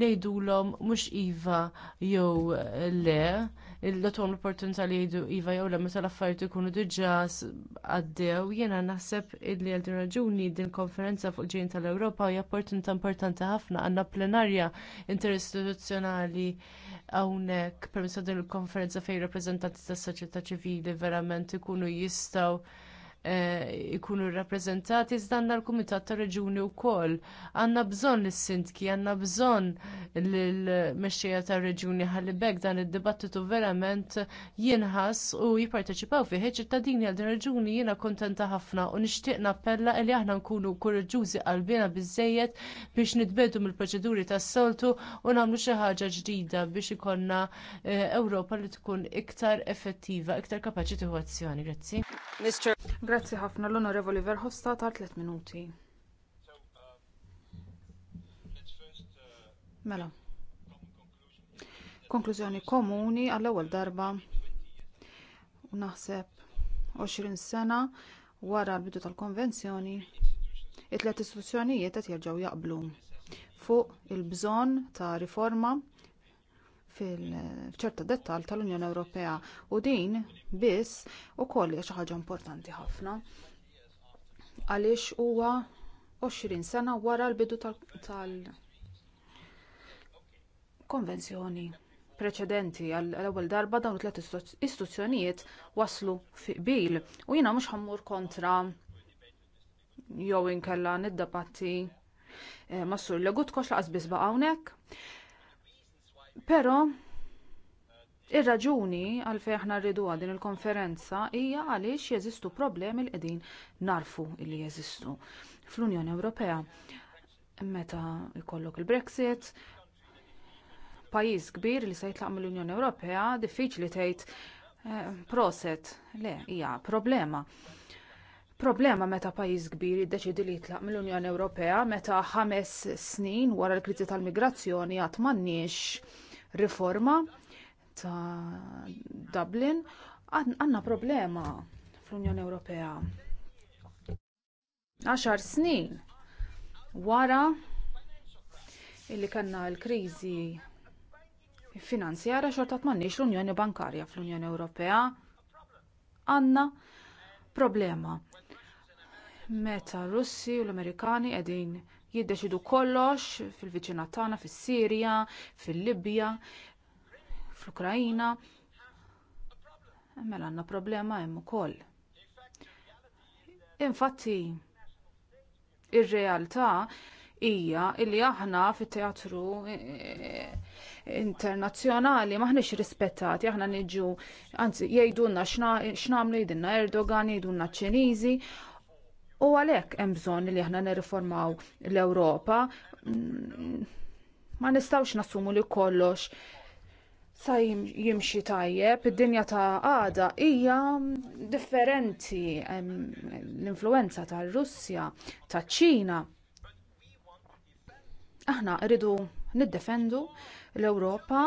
ngħidulhom mhux iva jew le il-datom l-opportunità li jgħidu iva jew la meta l-affarijiet ikunu diġà għaddew, jiena naħseb illi għal din raġuni din konferenza fuq ġejn tal-Ewropa hija opportunità importanti ħafna għandna plenarja interistituzzjonali hawnhekk permezz din il-konferenza fejn rappreżentanti tas-soċjetà ċivili verament ikunu jistgħu Eh, ikunu rappresentati, iżda għandna l-Kumitat ta' Reġuni wkoll. Għandna bżonn is-sindki, għandna bżonn l-mexxejja tar reġuni ħalli b'hekk dan id-dibattitu verament jinħass u jipparteċipaw fih ċittadini għal din raġuni jiena kontenta ħafna u nixtieq nappella li aħna nkunu koraġġużi qalbina biżżejjed biex nitbedu mill-proċeduri tas-soltu u nagħmlu xi ħaġa ġdida biex ikollna eh, Ewropa li tkun iktar effettiva, iktar kapaċi tieħu azzjoni. Grazzi. Grazzi ħafna l-Onorevoli Verhofstadt ta' 3 minuti. Mela. Konklużjoni komuni għall-ewwel darba u naħseb 20 sena wara l-bidu tal-konvenzjoni it-tliet istituzzjonijiet qed jerġgħu jaqblu fuq il-bżonn ta' riforma fil-ċerta dettal tal-Unjoni Ewropea u din biss ukoll hija xi ħaġa importanti ħafna għaliex huwa 20 sena wara l-bidu tal-konvenzjoni preċedenti għall-ewwel darba dawn it-tliet istituzzjonijiet waslu fi qbil u jiena mhux ħammur kontra jew inkella niddebatti eh, ma' sur Legutko x'laqas biss baqa' hawnhekk Però ir-raġuni għalfejn aħna rridu din il-konferenza hija għaliex jeżistu problemi li qegħdin narfu li jeżistu fl-Unjoni Ewropea. Meta jkollok il-Brexit, pajjiż kbir li se jitlaq mill-Unjoni Ewropea diffiċli tgħid eh, proset le hija problema. Problema meta pajjiż kbir jiddeċidi li jitlaq mill-Unjoni Ewropea meta ħames snin wara l-kriżi tal-migrazzjoni għad manniex riforma ta' Dublin għandna problema fl-Unjoni Ewropea. Għaxar snin wara illi kanna l-kriżi finanzjara xortat m'għandniex l-Unjoni Bankarja fl-Unjoni Ewropea għandna problema. Meta r Russi u l-Amerikani qegħdin jiddeċidu kollox fil-viċinat tagħna, fis-Sirja, fil-Libja, fl-Ukrajina. Mela għandna problema hemm ukoll. Infatti, ir-realtà hija li aħna fit-teatru eh, eh, internazzjonali maħniex rispettati, aħna niġu, anzi, jgħidulna x'namlu jgħidilna Erdogan, jgħidulna Ċiniżi, U għalhekk hemm bżonn li aħna nirriformaw l-Ewropa. Mm, ma nistgħux nassumu li kollox sa jimxi tajjeb, id-dinja ta' għada hija mm, differenti l-influenza tar Russja, taċ ċina. Aħna rridu niddefendu l-Ewropa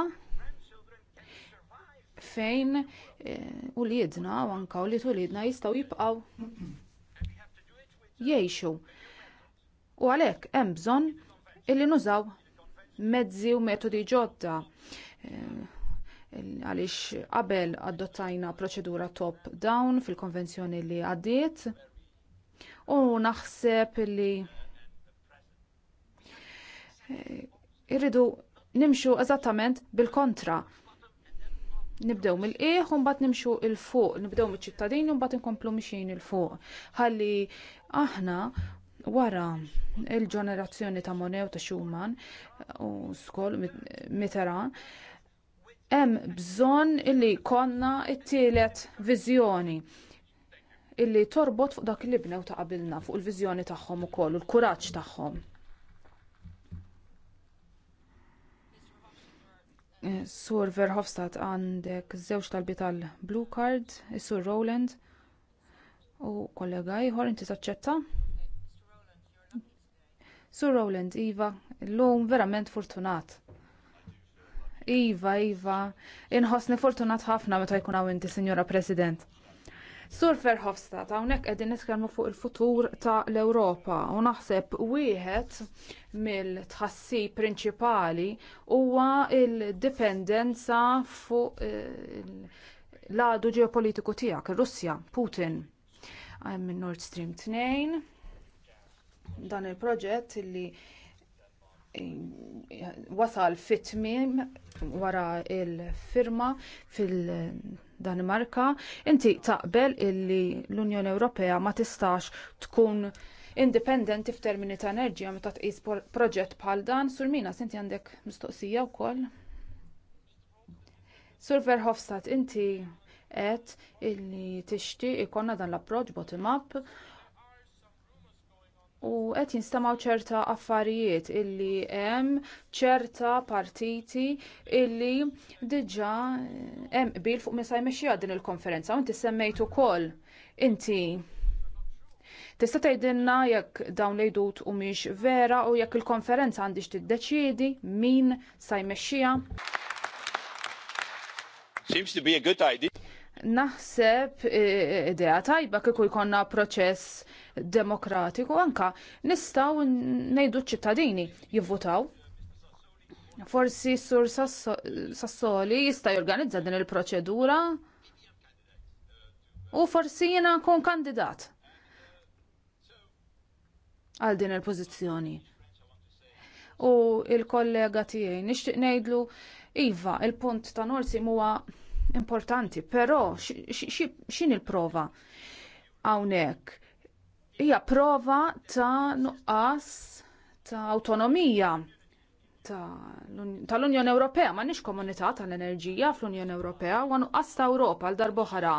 fejn eh, u li u anka u li tulidna jistgħu jibqgħu jgħixu. U għalhekk hemm bżonn illi nużaw mezzi u metodi ġodda eh, għaliex qabel adottajna proċedura top down fil-konvenzjoni li għaddiet u naħseb li eh, irridu nimxu eżattament bil-kontra nibdew mill-qieħ u mbagħad nimxu il fuq nibdew miċ-ċittadini u mbagħad inkomplu mixin il fuq ħalli aħna wara il-ġenerazzjoni ta' Monew ta' Schumann u skol Mitterrand hemm bżonn illi konna t-tielet viżjoni illi torbot fuq dak li bnew ta' qabilna fuq il-viżjoni tagħhom ukoll u l-kuraġġ tagħhom. Sur Verhofstadt għandek żewġ talbi tal-Blue Card, Sur Rowland u kollega ieħor inti taċċetta. Sur Rowland, Iva, l-lum verament fortunat. Iva, Iva, inħossni fortunat ħafna meta jkun hawn inti, Sinjora President. Sur Verhofstadt, hawnhekk qegħdin nitkellmu fuq il-futur ta' l-Ewropa u naħseb wieħed mill-tħassib prinċipali huwa il-dipendenza fuq eh, l-għadu ġeopolitiku tiegħek, russja Putin. Għajm minn Nord Stream 2, dan il-proġett li eh, wasal fit-tmiem wara il-firma fil- Danimarka, inti taqbel illi l-Unjoni Ewropea ma tistax tkun indipendenti f'termini ta' enerġija meta tqis proġett bħal dan, sur mina inti għandek mistoqsija wkoll. Sur Verhofstadt, inti qed illi tixtieq ikonna dan l-approċċ bottom up u qed jinstamaw ċerta affarijiet illi hemm ċerta partiti illi diġà hemm qbil fuq mesa jmexxija din il-konferenza u inti semmejt ukoll inti tista' tgħidilna jekk dawn l-jdut humiex vera u jekk il-konferenza għandix tiddeċiedi min sa jmexxija. Seems to be a good idea naħseb eh, eh, idea tajba kieku jkollna proċess demokratiku anka nistgħu ngħidu ċ-ċittadini jivvutaw. Forsi sur Sassoli jista' jorganizza din il-proċedura u forsi jiena nkun kandidat għal din il-pożizzjoni. U il-kollega tiegħi nixtieq ngħidlu iva, il-punt ta' Norsi huwa importanti, però xin il-prova hawnhekk hija prova ta' nuqqas ta' autonomija tal-Unjoni Ewropea, ma nix komunità tal-enerġija fl-Unjoni Ewropea, u nuqqas ta' Ewropa għal darboħara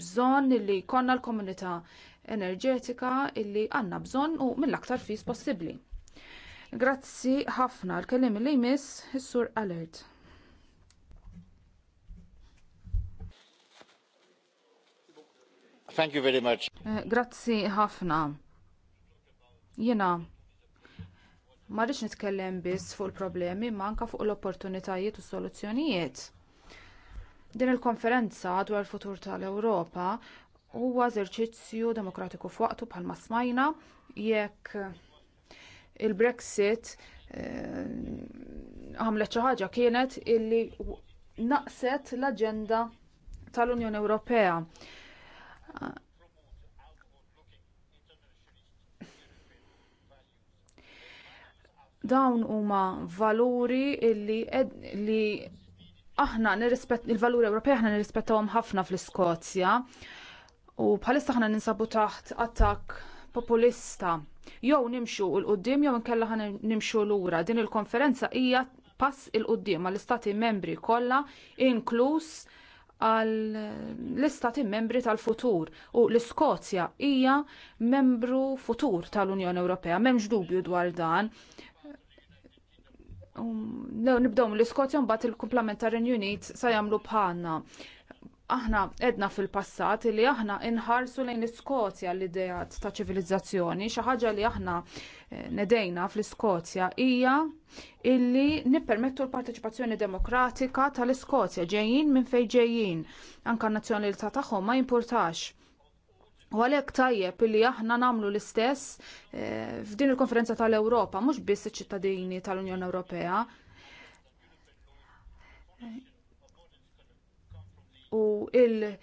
Bżon li konna l-komunità enerġetika illi għanna bżon u mill-aktar fis possibli. Grazzi ħafna l-kelim li jmiss, is-sur Alert. Thank you very much. Eh, grazzi ħafna. Jena, marriċ nitkellem biss fuq il-problemi, ma anka fuq l-opportunitajiet u soluzzjonijiet. Din il-konferenza dwar il-futur tal-Ewropa huwa eżerċizzju demokratiku f'waqtu bħal smajna jekk il-Brexit eh, għamlet xi ħaġa kienet illi naqset l-aġenda tal-Unjoni Ewropea dawn huma valuri illi li aħna nirrispett il-valuri Ewropej aħna nirrispettawhom ħafna fl-Iskozja u bħalissa aħna ninsabu taħt attakk populista. Jew nimxu l qudiem jew inkella ħana nimxu lura. Din il-konferenza hija pass il qudiem għall istati membri kollha inkluż għal ehm, l-istati membri tal-futur u l-Iskozja hija membru futur tal-Unjoni Ewropea, m'hemmx dubju dwar dan. Nibdew l-Iskozja mbagħad il-Complementary Unit sa jagħmlu bħalna. Aħna edna fil-passat li aħna inħarsu lejn l-Iskozja l idea ta' ċivilizzazzjoni, xi ħaġa li aħna nedejna fl-Iskozja hija illi nippermettu l-parteċipazzjoni demokratika tal-Iskozja ġejjin minn fejn ġejjin anke n-nazzjonalità tagħhom ma jimpurtax. U għalhekk tajjeb illi aħna nagħmlu l-istess eh, f'din il-konferenza tal-Ewropa mhux biss iċ-ċittadini tal-Unjoni Ewropea. U il-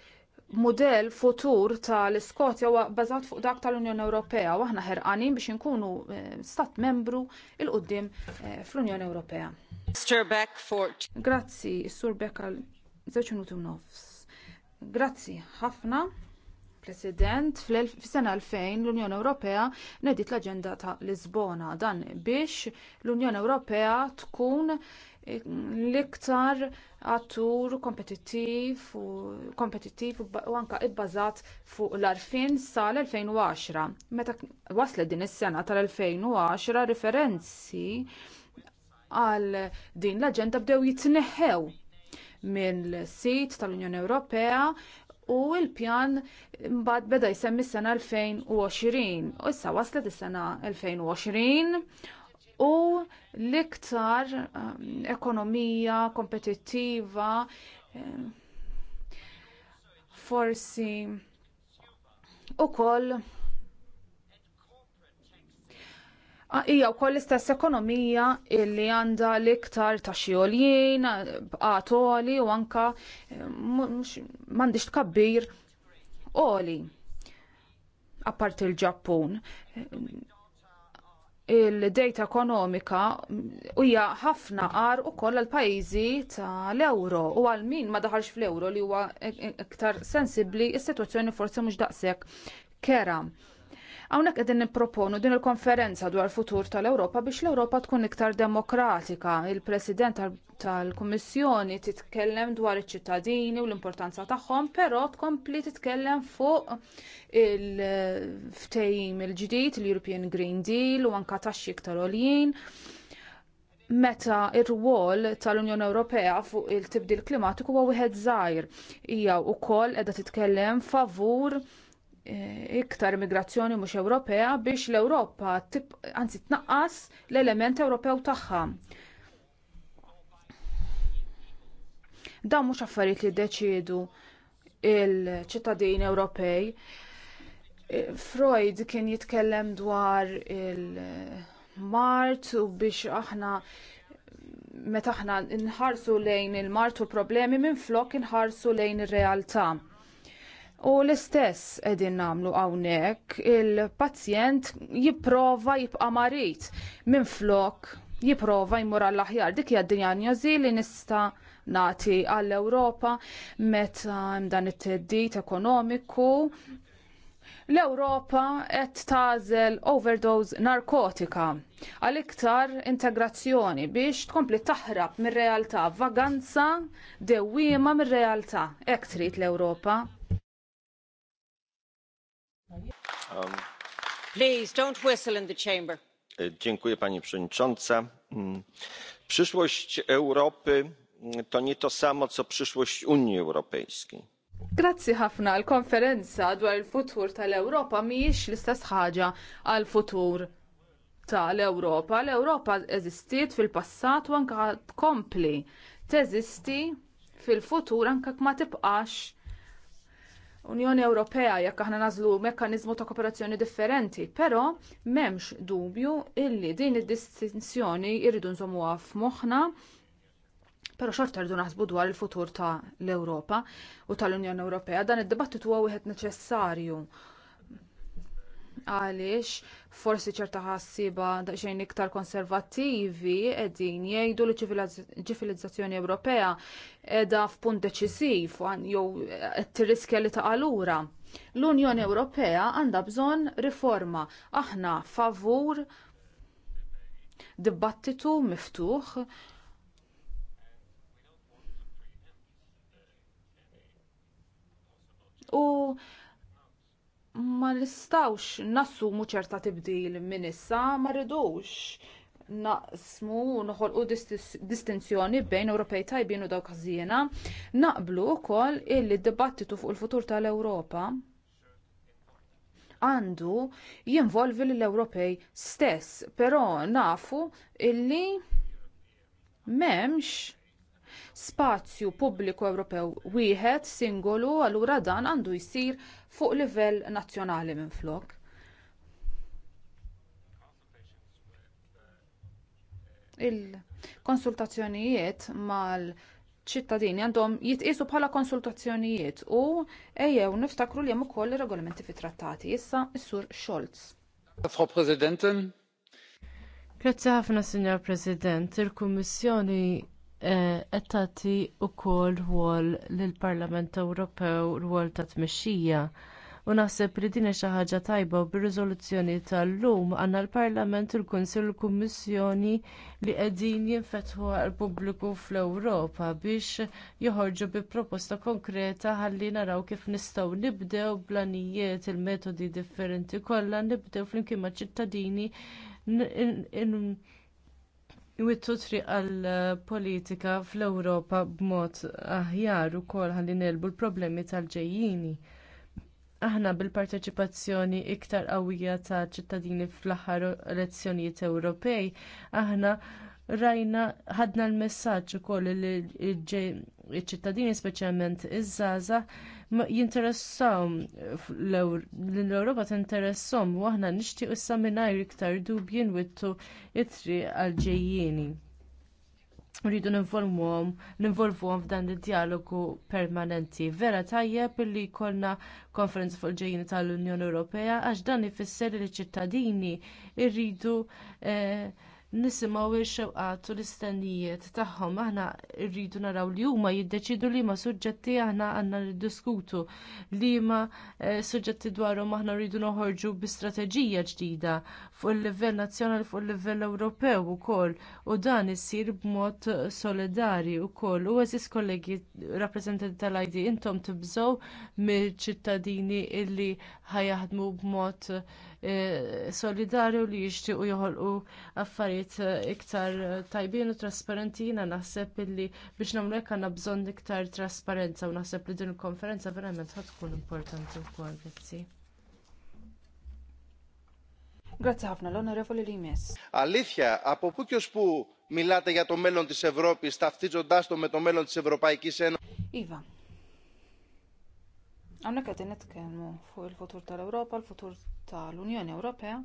model futur tal-Iskotja huwa bbażat fuq dak tal-Unjoni Ewropea u aħna ħerqanin biex inkunu eh, stat membru il qudiem eh, fl-Unjoni Ewropea. Grazzi, Sur Beck għal żewġ minuti nofs. Grazzi ħafna. President, fis-sena 2000 l-Unjoni Ewropea nedit l-aġenda ta' Lisbona dan biex l-Unjoni Ewropea tkun eh, l-iktar attur kompetittiv u kompetittiv u anka ibbażat fuq l-arfin sal-2010. Meta waslet din is-sena tal-2010 referenzi għal din l-aġenda bdew jitneħħew mill-sit tal-Unjoni Ewropea u l-pjan mbagħad beda jsemmi s-sena 2020. U issa waslet is-sena 2020 u l-iktar ehm, ekonomija kompetittiva ehm, forsi koll Ija u koll istess ekonomija illi għanda l-iktar ta' xioljien, u anka ehm, mandiċt tkabbir oli apart il-Ġappun il-data ekonomika hija ħafna qar ukoll għal pajjiżi tal-euro u għal min ma daħalx fl-euro li huwa iktar sensibbli is-sitwazzjoni forsi mhux daqshekk kera. Hawnhekk qegħdin nipproponu din il-konferenza dwar futur tal-Ewropa biex l-Ewropa tkun iktar demokratika. Il-President tal-Kummissjoni titkellem dwar iċ-ċittadini u l-importanza tagħhom, però tkompli titkellem fuq il ftejim il-ġdid, l-European Green Deal u anka taxxi iktar għoljien meta ir-rwol tal-Unjoni Ewropea fuq il-tibdil klimatiku huwa wieħed żgħir hija wkoll qiegħda titkellem favur Eh, iktar immigrazzjoni mhux Ewropea biex l-Ewropa anzi tnaqqas l-element Ewropew tagħha. Dan mhux affarijiet li ddeċiedu il ċittadin Ewropej. Eh, Freud kien jitkellem dwar il-Mart u biex aħna meta aħna nħarsu lejn il-Mart u problemi minn flok inħarsu lejn ir-realtà. U l-istess edin namlu għawnek, il-pazjent jiprofa jibqa marit minn flok jiprofa jimur għall-aħjar. Dik hija dinjanjozi li nista nati għall-Ewropa meta dan it-teddit ekonomiku. L-Ewropa qed tażel overdose narkotika għal iktar integrazzjoni biex tkompli taħrab mir-realtà, vaganza dewwiema mir-realtà. Hekk trid l-Ewropa. Um, Please, don't whistle in the chamber. E, pani przewodnicząca. Mm, przyszłość Europy mm, to nie to samo co przyszłość Unii Europejskiej. Grazzi ħafna għal konferenza dwar il-futur tal-Ewropa mhijiex l-istess ħaġa għal futur tal-Ewropa. L-Ewropa eżistiet fil-passat u anke tkompli teżisti fil-futur anke ma tibqax Unjoni Ewropea jekk aħna nażlu mekkaniżmu ta' kooperazzjoni differenti, però m'hemmx dubju illi din id-distinzjoni jridu nżomuha f'moħħna però xorta rridu naħsbu dwar il-futur ta' l-Ewropa u tal-Unjoni Ewropea dan id-dibattitu huwa wieħed neċessarju għaliex forsi ċerta ħassiba daqsxejn iktar konservattivi qegħdin jgħidu li ċivilizzazzjoni Ewropea qiegħda f'punt deċisiv jew qed tirriskja li ta' lura. L-Unjoni Ewropea għandha bżonn riforma. Aħna favur dibattitu miftuħ u ma nistawx nassumu ċerta tibdil minn issa, ma rridux naqsmu noħolqu distinzjoni bejn Ewropej tajbin u dawk ħażiena, naqblu wkoll illi d-dibattitu fuq il-futur tal-Ewropa għandu jinvolvi l-Ewropej stess, però nafu illi memx spazju pubbliku Ewropew wieħed singolu, allura dan għandu jsir fuq livell nazzjonali minflok. Il-konsultazzjonijiet mal- ċittadini għandhom jitqisu bħala konsultazzjonijiet u ejjew niftakru li hemm ukoll regolamenti fit-trattati. Issa is-Sur Scholz. Frau Präsidentin. Grazzi ħafna, Signor President. Il-Kummissjoni Eh, qed tagħti wkoll rwol lill-Parlament Ewropew rwol ta' tmexxija. U naħseb li din xi ħaġa tajba u bir-riżoluzzjoni tal-lum għandna l-Parlament il-Kunsill u l-Kummissjoni li qegħdin jinfetħu għal pubbliku fl-Ewropa biex joħorġu bi proposta konkreta ħalli naraw kif nistgħu nibdew blanijiet il-metodi differenti kollha nibdew flimkien maċ ċittadini iwittu triq għall-politika fl-Ewropa b'mod aħjar ukoll ħalli nelbu l-problemi tal-ġejjini. Aħna bil-parteċipazzjoni iktar qawwija ta' ċittadini fl-aħħar elezzjonijiet Ewropej, aħna rajna ħadna l-messaġġ ukoll li ċittadini speċjalment iż żaza jinteressaw eh, l-Ewropa t'interessahom u aħna nixtieq issa mingħajr iktar dubji nwittu itri għal ġejjieni. Rridu nvolvuhom f'dan id-dialogu permanenti. Vera tajjeb li jkollna konferenza fuq il-ġejjini tal-Unjoni Ewropea għax dan ifisser li ċittadini rridu eh, nisimgħu x-xewqat u l-istennijiet tagħhom aħna rridu naraw li huma jiddeċidu li ma suġġetti aħna għandna niddiskutu li ma eh, suġġetti dwarhom aħna rridu noħorġu bi strateġija ġdida fuq il-livell nazzjonali fuq il-livell Ewropew ukoll u dan isir b'mod solidari wkoll u eżis kollegi rappreżentanti tal-ID intom tibżgħu mill-ċittadini illi ħajaħdmu b'mod Eh, solidarju li jixtiequ joħolqu affarijiet eh, iktar eh, tajbin u trasparenti jiena naħseb illi biex nagħmlu hekk għandna bżonn iktar trasparenza u naħseb li din il-konferenza verament ħadd tkun importanti kol grazzi. Grazie ħafna l-Onorevoli Limes. Αλήθεια, από πού και πού μιλάτε για το μέλλον της Ευρώπης ταυτίζοντάς το με το μέλλον της Ευρωπαϊκής Ένωσης. Iva, Għamlek għedin nitkellmu fuq il-futur tal-Ewropa, il-futur tal-Unjoni Ewropea.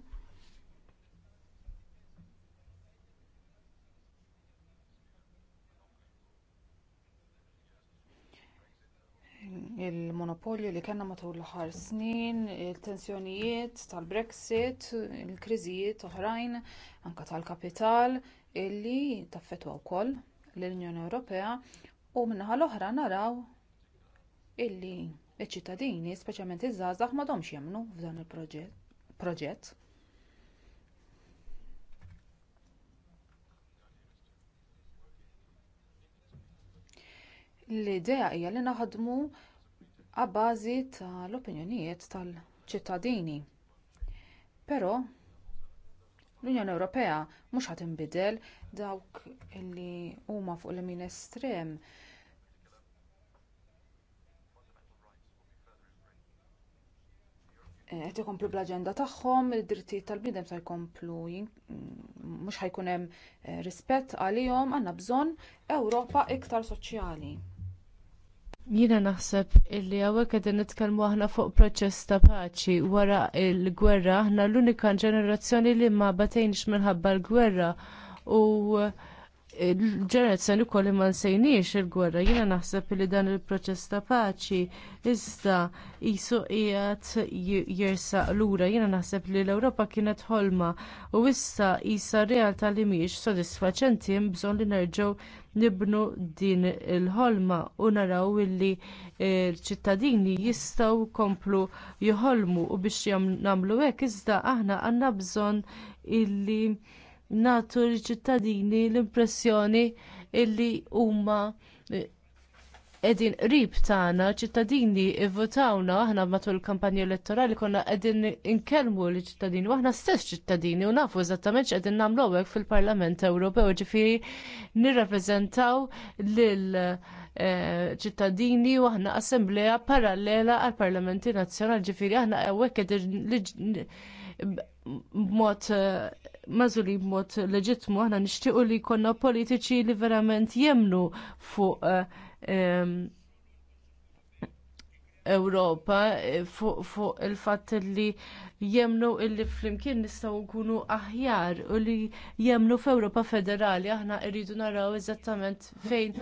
il-monopolju li kellna matul l-ħar snin, il-tensjonijiet tal-Brexit, il-kriżijiet oħrajn, anke tal-kapital, illi taffetwa wkoll l-Unjoni Ewropea u min-naħa l-oħra naraw illi Iċ-ċittadini, speċjalment iż-żgħażagħ m'għadhomx jemmnu f'dan il-proġett. L-idea hija li naħdmu għabbażi tal-opinjonijiet tal-ċittadini. Però l-Unjoni Ewropea mhux ħadd inbidel dawk li huma fuq l-min estrem qed ikomplu bl-aġenda tagħhom, id-drittijiet tal-bniedem se jkomplu mhux ħajkun hemm eh, rispett għalihom għandna bżonn Ewropa iktar soċjali. Jiena naħseb illi hawnhekk qegħdin nitkellmu aħna fuq proċess ta' paċi wara l gwerra aħna l-unika ġenerazzjoni li ma batejnx minħabba l-gwerra u ġenerazzjoni ukoll ma nsejniex il-gwerra, jiena naħseb li dan il-proċess ta' paċi iżda qisu qiegħed jersaq lura, jiena naħseb li l-Ewropa kienet ħolma u issa qisha realtà li mhijiex sodisfaċenti hemm bżonn li nerġgħu nibnu din il-ħolma u naraw illi l-ċittadini jistgħu jkomplu joħolmu u biex nagħmlu hekk iżda aħna għandna bżonn illi Natu l-ċittadini l-impressjoni illi huma qegħdin qrib tagħna, ċittadini ivvotawna aħna matul kampanja elettorali konna qegħdin inkelmu l-ċittadini u aħna stess ċittadini u nafu eżattament x'qegħdin nagħmlu hekk fil-Parlament Ewropew, ġifieri nirrappreżentaw lil ċittadini u aħna assembleja parallela għall parlamenti nazzjonali ġifiri aħna għawek b'mod mażuli b'mod leġitmu, aħna nixtiequ li jkollna politiċi li verament jemnu fuq eh, Ewropa eh, fuq il-fatt li jemnu illi flimkien nistgħu nkunu aħjar u li jemnu f'Ewropa federali aħna rridu naraw eżattament fejn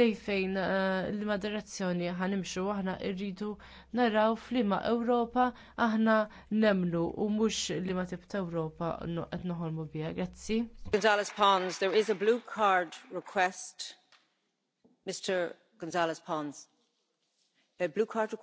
lej fejn eh, l direzzjoni ħanimxu aħna rridu naraw f'liema Ewropa aħna nemnu u mhux li ma tibta Ewropa qed noħolmu bija. Grazzi. Gonzalez Pons, there is a blue card request. Mr. Gonzalez Pons. Blue card